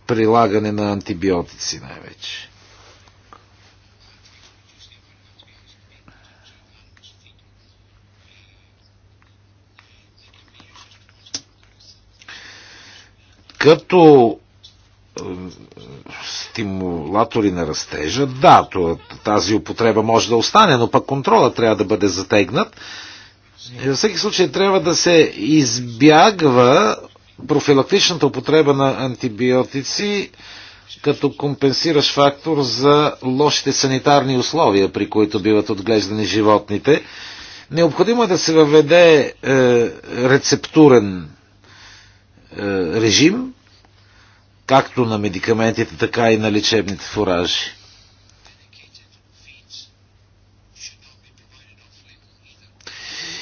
прилагане на антибиотици най-вече. Като стимулатори на растежа, да, тази употреба може да остане, но пък контрола трябва да бъде затегнат. И във всеки случай трябва да се избягва профилактичната употреба на антибиотици като компенсиращ фактор за лошите санитарни условия, при които биват отглеждани животните. Необходимо е да се въведе е, рецептурен е, режим, както на медикаментите, така и на лечебните фуражи.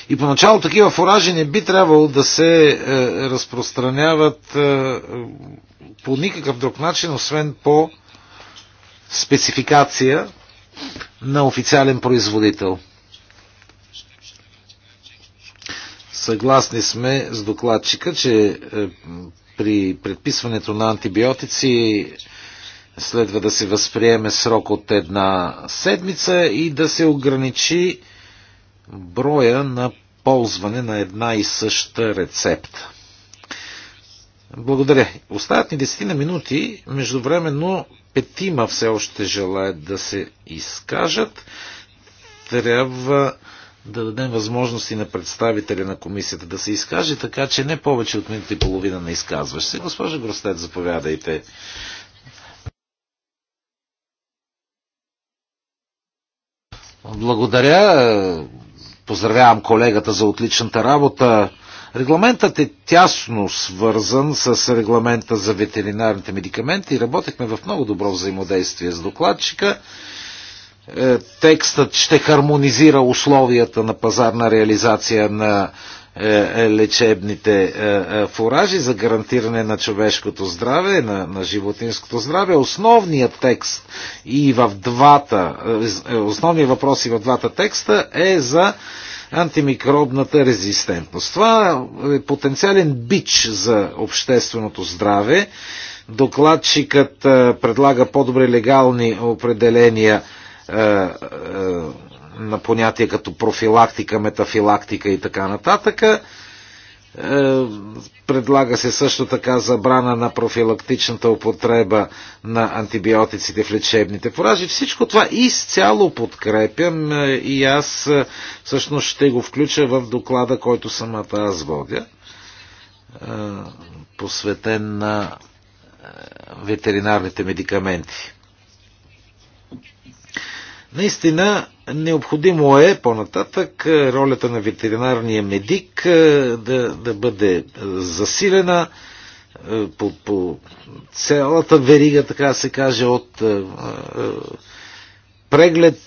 И поначало такива фуражи не би трябвало да се е, разпространяват е, по никакъв друг начин, освен по спецификация на официален производител. Съгласни сме с докладчика, че е, при предписването на антибиотици следва да се възприеме срок от една седмица и да се ограничи броя на ползване на една и съща рецепта. Благодаря. Остават ни 10 на минути. Междувременно петима все още желаят да се изкажат. Трябва да дадем възможности на представителя на комисията да се изкаже, така че не повече от минута и половина не изказваш се. Госпожа Гростет, заповядайте. Благодаря. Поздравявам колегата за отличната работа. Регламентът е тясно свързан с регламента за ветеринарните медикаменти и работехме в много добро взаимодействие с докладчика. Е, текстът ще хармонизира условията на пазарна реализация на е, е, лечебните фуражи за гарантиране на човешкото здраве, на, на животинското здраве. Основният текст и в двата, основният въпрос и в двата текста е за антимикробната резистентност. Това е потенциален бич за общественото здраве. Докладчикът предлага по-добре легални определения е, е, на понятия като профилактика, метафилактика и така нататък. Е, предлага се също така забрана на профилактичната употреба на антибиотиците в лечебните поражи. Всичко това изцяло подкрепям и аз всъщност ще го включа в доклада, който самата аз водя, посветен на ветеринарните медикаменти. Наистина, необходимо е по-нататък е, ролята на ветеринарния медик е, да, да бъде засилена е, по, по цялата верига, така се каже, от преглед,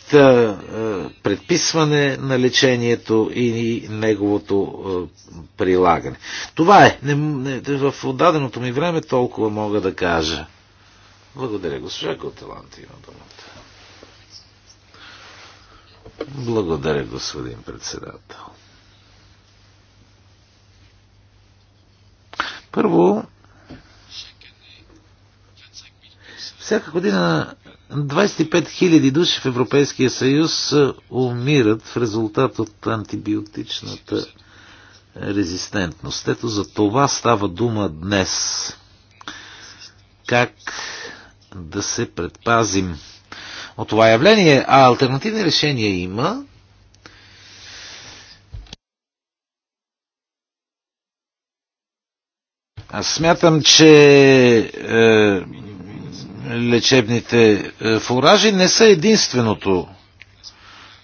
предписване на лечението и неговото прилагане. Това е. В отдаденото ми време толкова мога да кажа. Благодаря, госпожа Готеланти, има думата. Благодаря, господин председател. Първо, всяка година 25 000 души в Европейския съюз е, умират в резултат от антибиотичната резистентност. Ето за това става дума днес. Как да се предпазим от това явление, а альтернативни решения има. Аз смятам, че е, лечебните е, фуражи не са единственото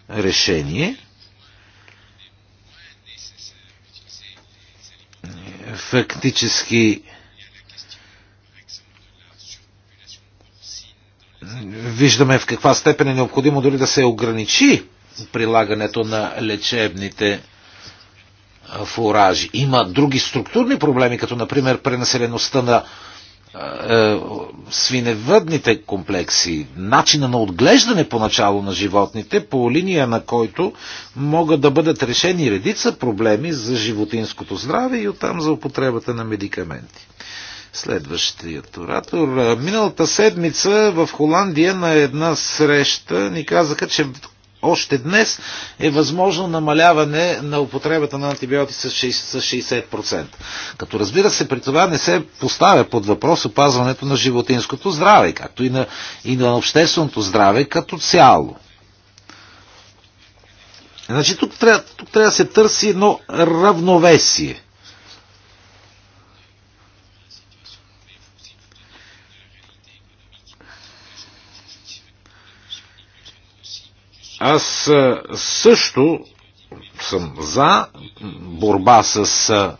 решение. Фактически виждаме в каква степен е необходимо дори да се ограничи прилагането на лечебните фуражи. Има други структурни проблеми, като например пренаселеността на е, свиневъдните комплекси, начина на отглеждане поначало на животните, по линия на който могат да бъдат решени редица проблеми за животинското здраве и оттам за употребата на медикаменти. Следващият оратор. Миналата седмица в Холандия на една среща ни казаха, че още днес е възможно намаляване на употребата на антибиотици с 60%. Като разбира се, при това не се поставя под въпрос опазването на животинското здраве, както и на, и на общественото здраве като цяло. Значи тук трябва, тук трябва да се търси едно равновесие – Аз също съм за борба с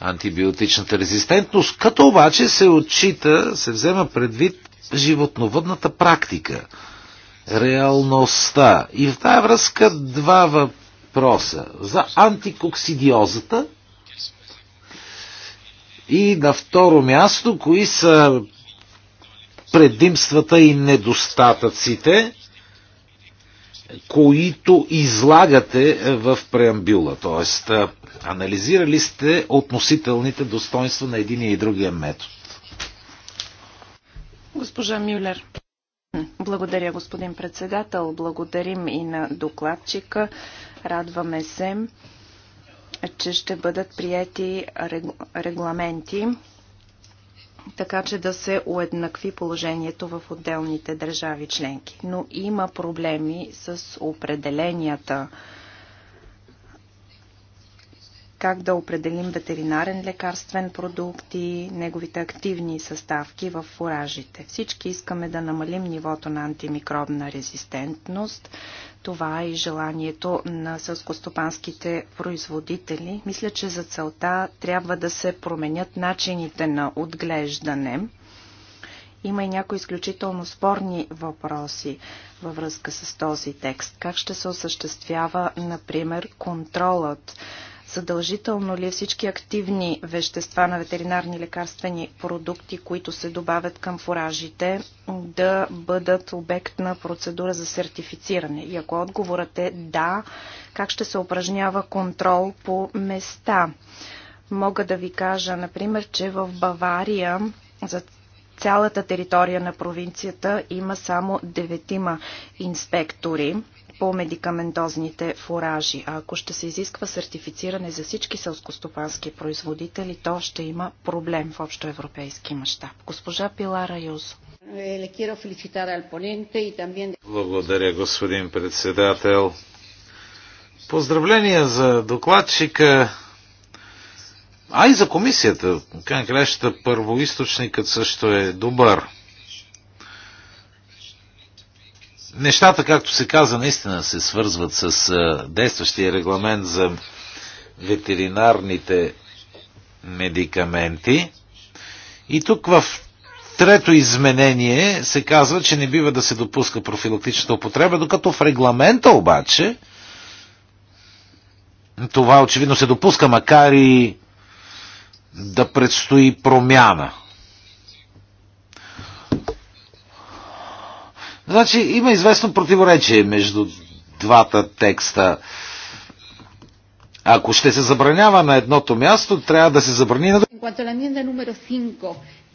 антибиотичната резистентност, като обаче се отчита, се взема предвид животновъдната практика, реалността. И в тази връзка два въпроса. За антикоксидиозата и на второ място, кои са предимствата и недостатъците които излагате в преамбюла. Тоест, анализирали сте относителните достоинства на единия и другия метод. Госпожа Мюлер. Благодаря, господин председател. Благодарим и на докладчика. Радваме се, че ще бъдат прияти регламенти така че да се уеднакви положението в отделните държави членки. Но има проблеми с определенията как да определим ветеринарен лекарствен продукт и неговите активни съставки в фуражите. Всички искаме да намалим нивото на антимикробна резистентност. Това е и желанието на сълскостопанските производители. Мисля, че за целта трябва да се променят начините на отглеждане. Има и някои изключително спорни въпроси във връзка с този текст. Как ще се осъществява, например, контролът? задължително ли е всички активни вещества на ветеринарни лекарствени продукти, които се добавят към фуражите, да бъдат обект на процедура за сертифициране? И ако отговорът е да, как ще се упражнява контрол по места? Мога да ви кажа, например, че в Бавария за цялата територия на провинцията има само деветима инспектори по медикаментозните фуражи. А ако ще се изисква сертифициране за всички селскостопански производители, то ще има проблем в общоевропейски мащаб. Госпожа Пилара Юзо. Е, Благодаря, господин председател. Поздравления за докладчика, а и за комисията. Как краща първоисточникът също е добър. нещата, както се каза, наистина се свързват с действащия регламент за ветеринарните медикаменти. И тук в трето изменение се казва, че не бива да се допуска профилактичната употреба, докато в регламента обаче това очевидно се допуска, макар и да предстои промяна Значи има известно противоречие между двата текста. Ако ще се забранява на едното място, трябва да се забрани на другото.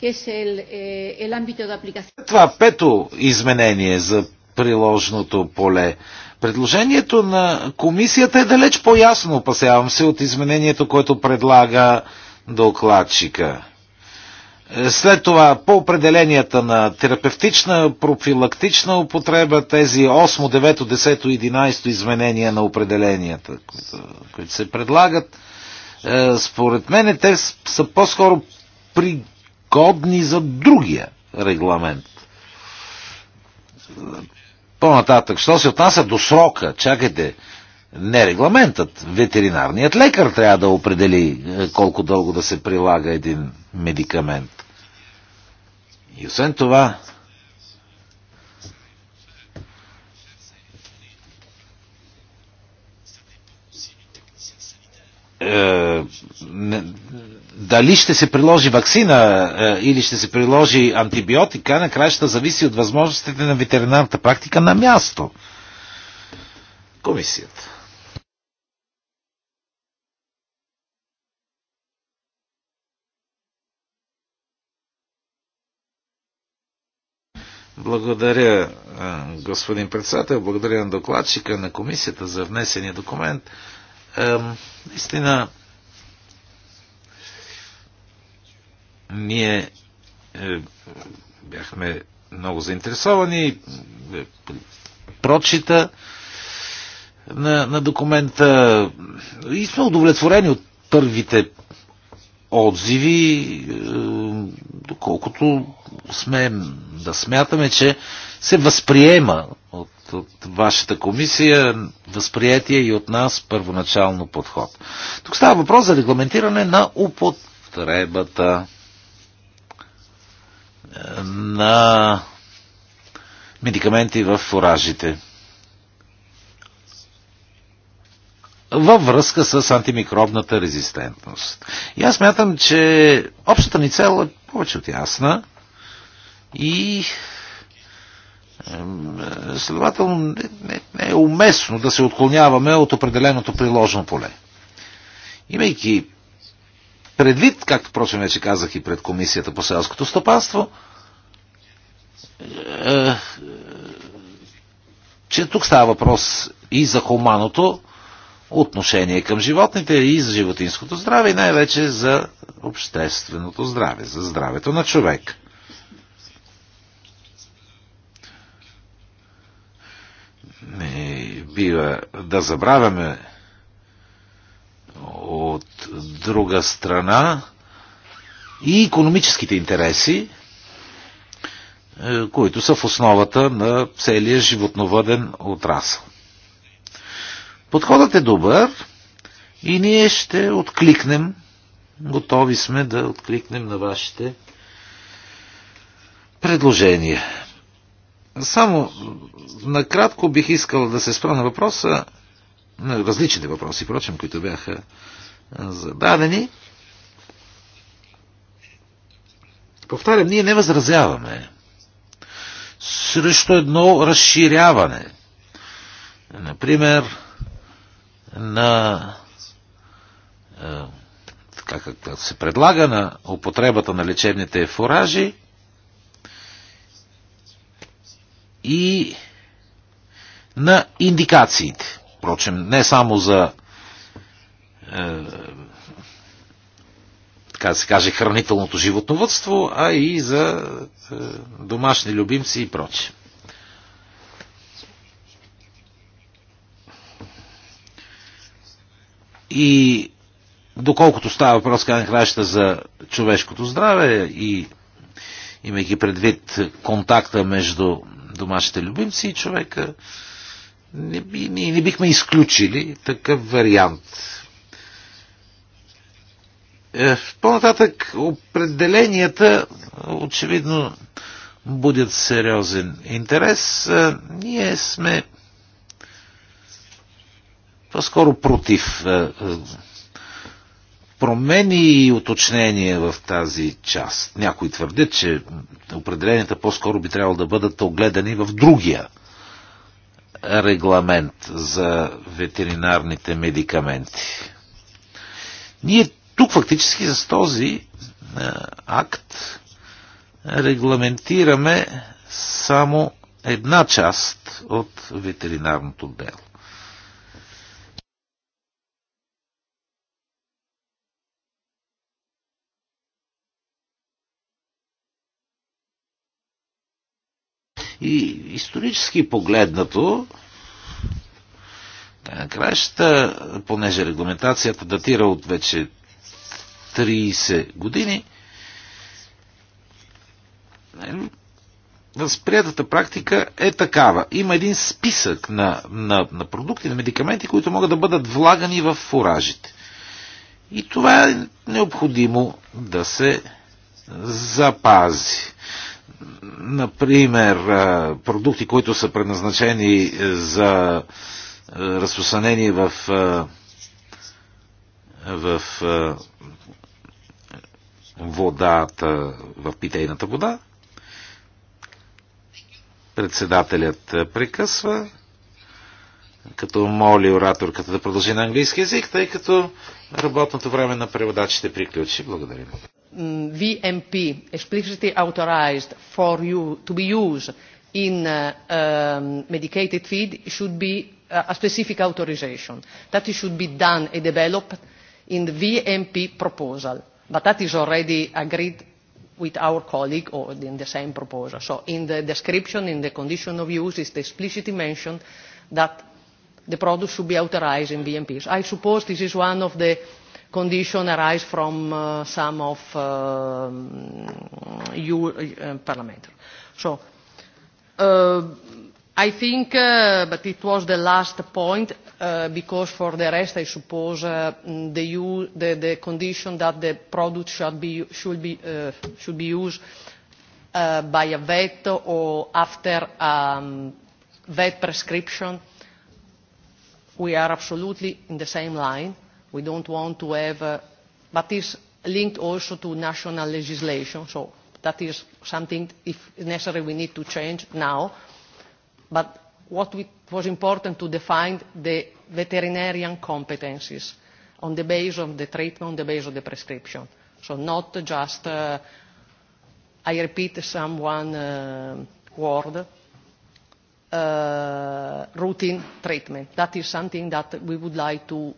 Eh, Това пето изменение за приложното поле. Предложението на комисията е далеч по-ясно, опасявам се, от изменението, което предлага докладчика. След това, по определенията на терапевтична, профилактична употреба, тези 8, 9, 10, 11 изменения на определенията, които, които се предлагат, е, според мен те са по-скоро пригодни за другия регламент. По-нататък, що се отнася до срока, чакайте, не регламентът, ветеринарният лекар трябва да определи е, колко дълго да се прилага един медикамент. И освен това, е, дали ще се приложи вакцина е, или ще се приложи антибиотика, накрая ще зависи от възможностите на ветеринарната практика на място. Комисията. Благодаря, е, господин председател, благодаря на докладчика на комисията за внесения документ. Е, Истина, ние е, бяхме много заинтересовани. Прочита на, на документа и сме удовлетворени от първите отзиви, доколкото сме да смятаме, че се възприема от, от вашата комисия възприятие и от нас първоначално подход. Тук става въпрос за регламентиране на употребата е, на медикаменти в фуражите. във връзка с антимикробната резистентност. И аз мятам, че общата ни цел е повече от ясна и е, следователно не, не, не е уместно да се отклоняваме от определеното приложено поле. Имайки предвид, както прочим вече казах и пред Комисията по селското стопанство, е, е, че тук става въпрос и за хуманото, отношение към животните и за животинското здраве и най-вече за общественото здраве, за здравето на човек. Не бива да забравяме от друга страна и економическите интереси, е, които са в основата на целия животновъден отрасъл. Подходът е добър и ние ще откликнем. Готови сме да откликнем на вашите предложения. Само накратко бих искал да се спра на въпроса, на различните въпроси, впрочем, които бяха зададени. Повтарям, ние не възразяваме срещу едно разширяване. Например, на е, така как се предлага на употребата на лечебните фуражи и на индикациите. Впрочем, не само за е, така да се каже, хранителното животновътство, а и за е, домашни любимци и прочее. И доколкото става въпрос, край краща за човешкото здраве и имайки предвид контакта между домашните любимци и човека, не, не, не бихме изключили такъв вариант. В е, по-нататък определенията очевидно будят сериозен интерес. Е, ние сме по-скоро против е, е, промени и уточнения в тази част. Някои твърдят, че определенията по-скоро би трябвало да бъдат огледани в другия регламент за ветеринарните медикаменти. Ние тук фактически с този е, акт регламентираме само една част от ветеринарното дело. И исторически погледнато, е, кращата, понеже регламентацията датира от вече 30 години, е, възприятата практика е такава. Има един списък на, на, на продукти, на медикаменти, които могат да бъдат влагани в фуражите. И това е необходимо да се запази. Например, продукти, които са предназначени е, за е, разпространение в, е, в водата, в питейната вода. Председателят прекъсва, като моли ораторката да продължи на английски язик, тъй като работното време на преводачите приключи. Благодарим. VMP explicitly authorised for you to be used in medicated feed should be a specific authorisation. That should be done and developed in the VMP proposal, but that is already agreed with our colleague or in the same proposal. So in the description, in the condition of use, it is explicitly mentioned that the product should be authorised in VMPs. I suppose this is one of the condition arise from uh, some of uh, you uh, parliament. So, uh, I think, uh, but it was the last point, uh, because for the rest, I suppose, uh, the, use, the, the condition that the product should be, should be, uh, should be used uh, by a vet or after um, vet prescription, we are absolutely in the same line We don't want to have, uh, but it's linked also to national legislation, so that is something, if necessary, we need to change now. But what we, was important to define the veterinarian competencies on the basis of the treatment, on the basis of the prescription. So not just, uh, I repeat some one uh, word, uh, routine treatment. That is something that we would like to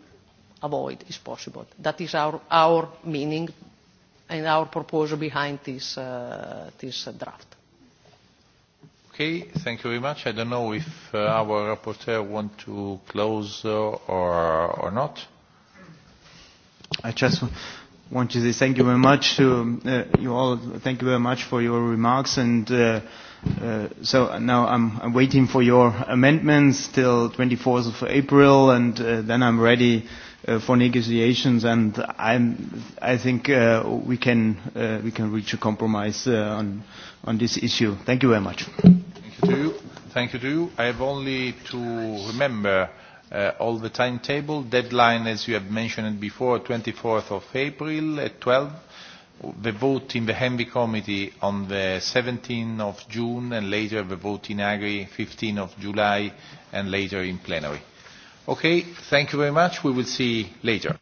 avoid is possible. That is our, our meaning and our proposal behind this, uh, this draft. Okay, thank you very much. I don't know if uh, our rapporteur wants to close uh, or, or not. I just want to say thank you very much to uh, you all. Thank you very much for your remarks. And uh, uh, so now I'm, I'm waiting for your amendments till 24th of April, and uh, then I'm ready uh, for negotiations, and I'm, I think uh, we can uh, we can reach a compromise uh, on on this issue. Thank you very much. Thank you to you. Thank you to you. I have only to remember uh, all the timetable deadline, as you have mentioned before, 24th of April at 12. The vote in the Henry Committee on the 17th of June, and later the vote in Agri, 15th of July, and later in plenary. Okay, thank you very much. We will see later.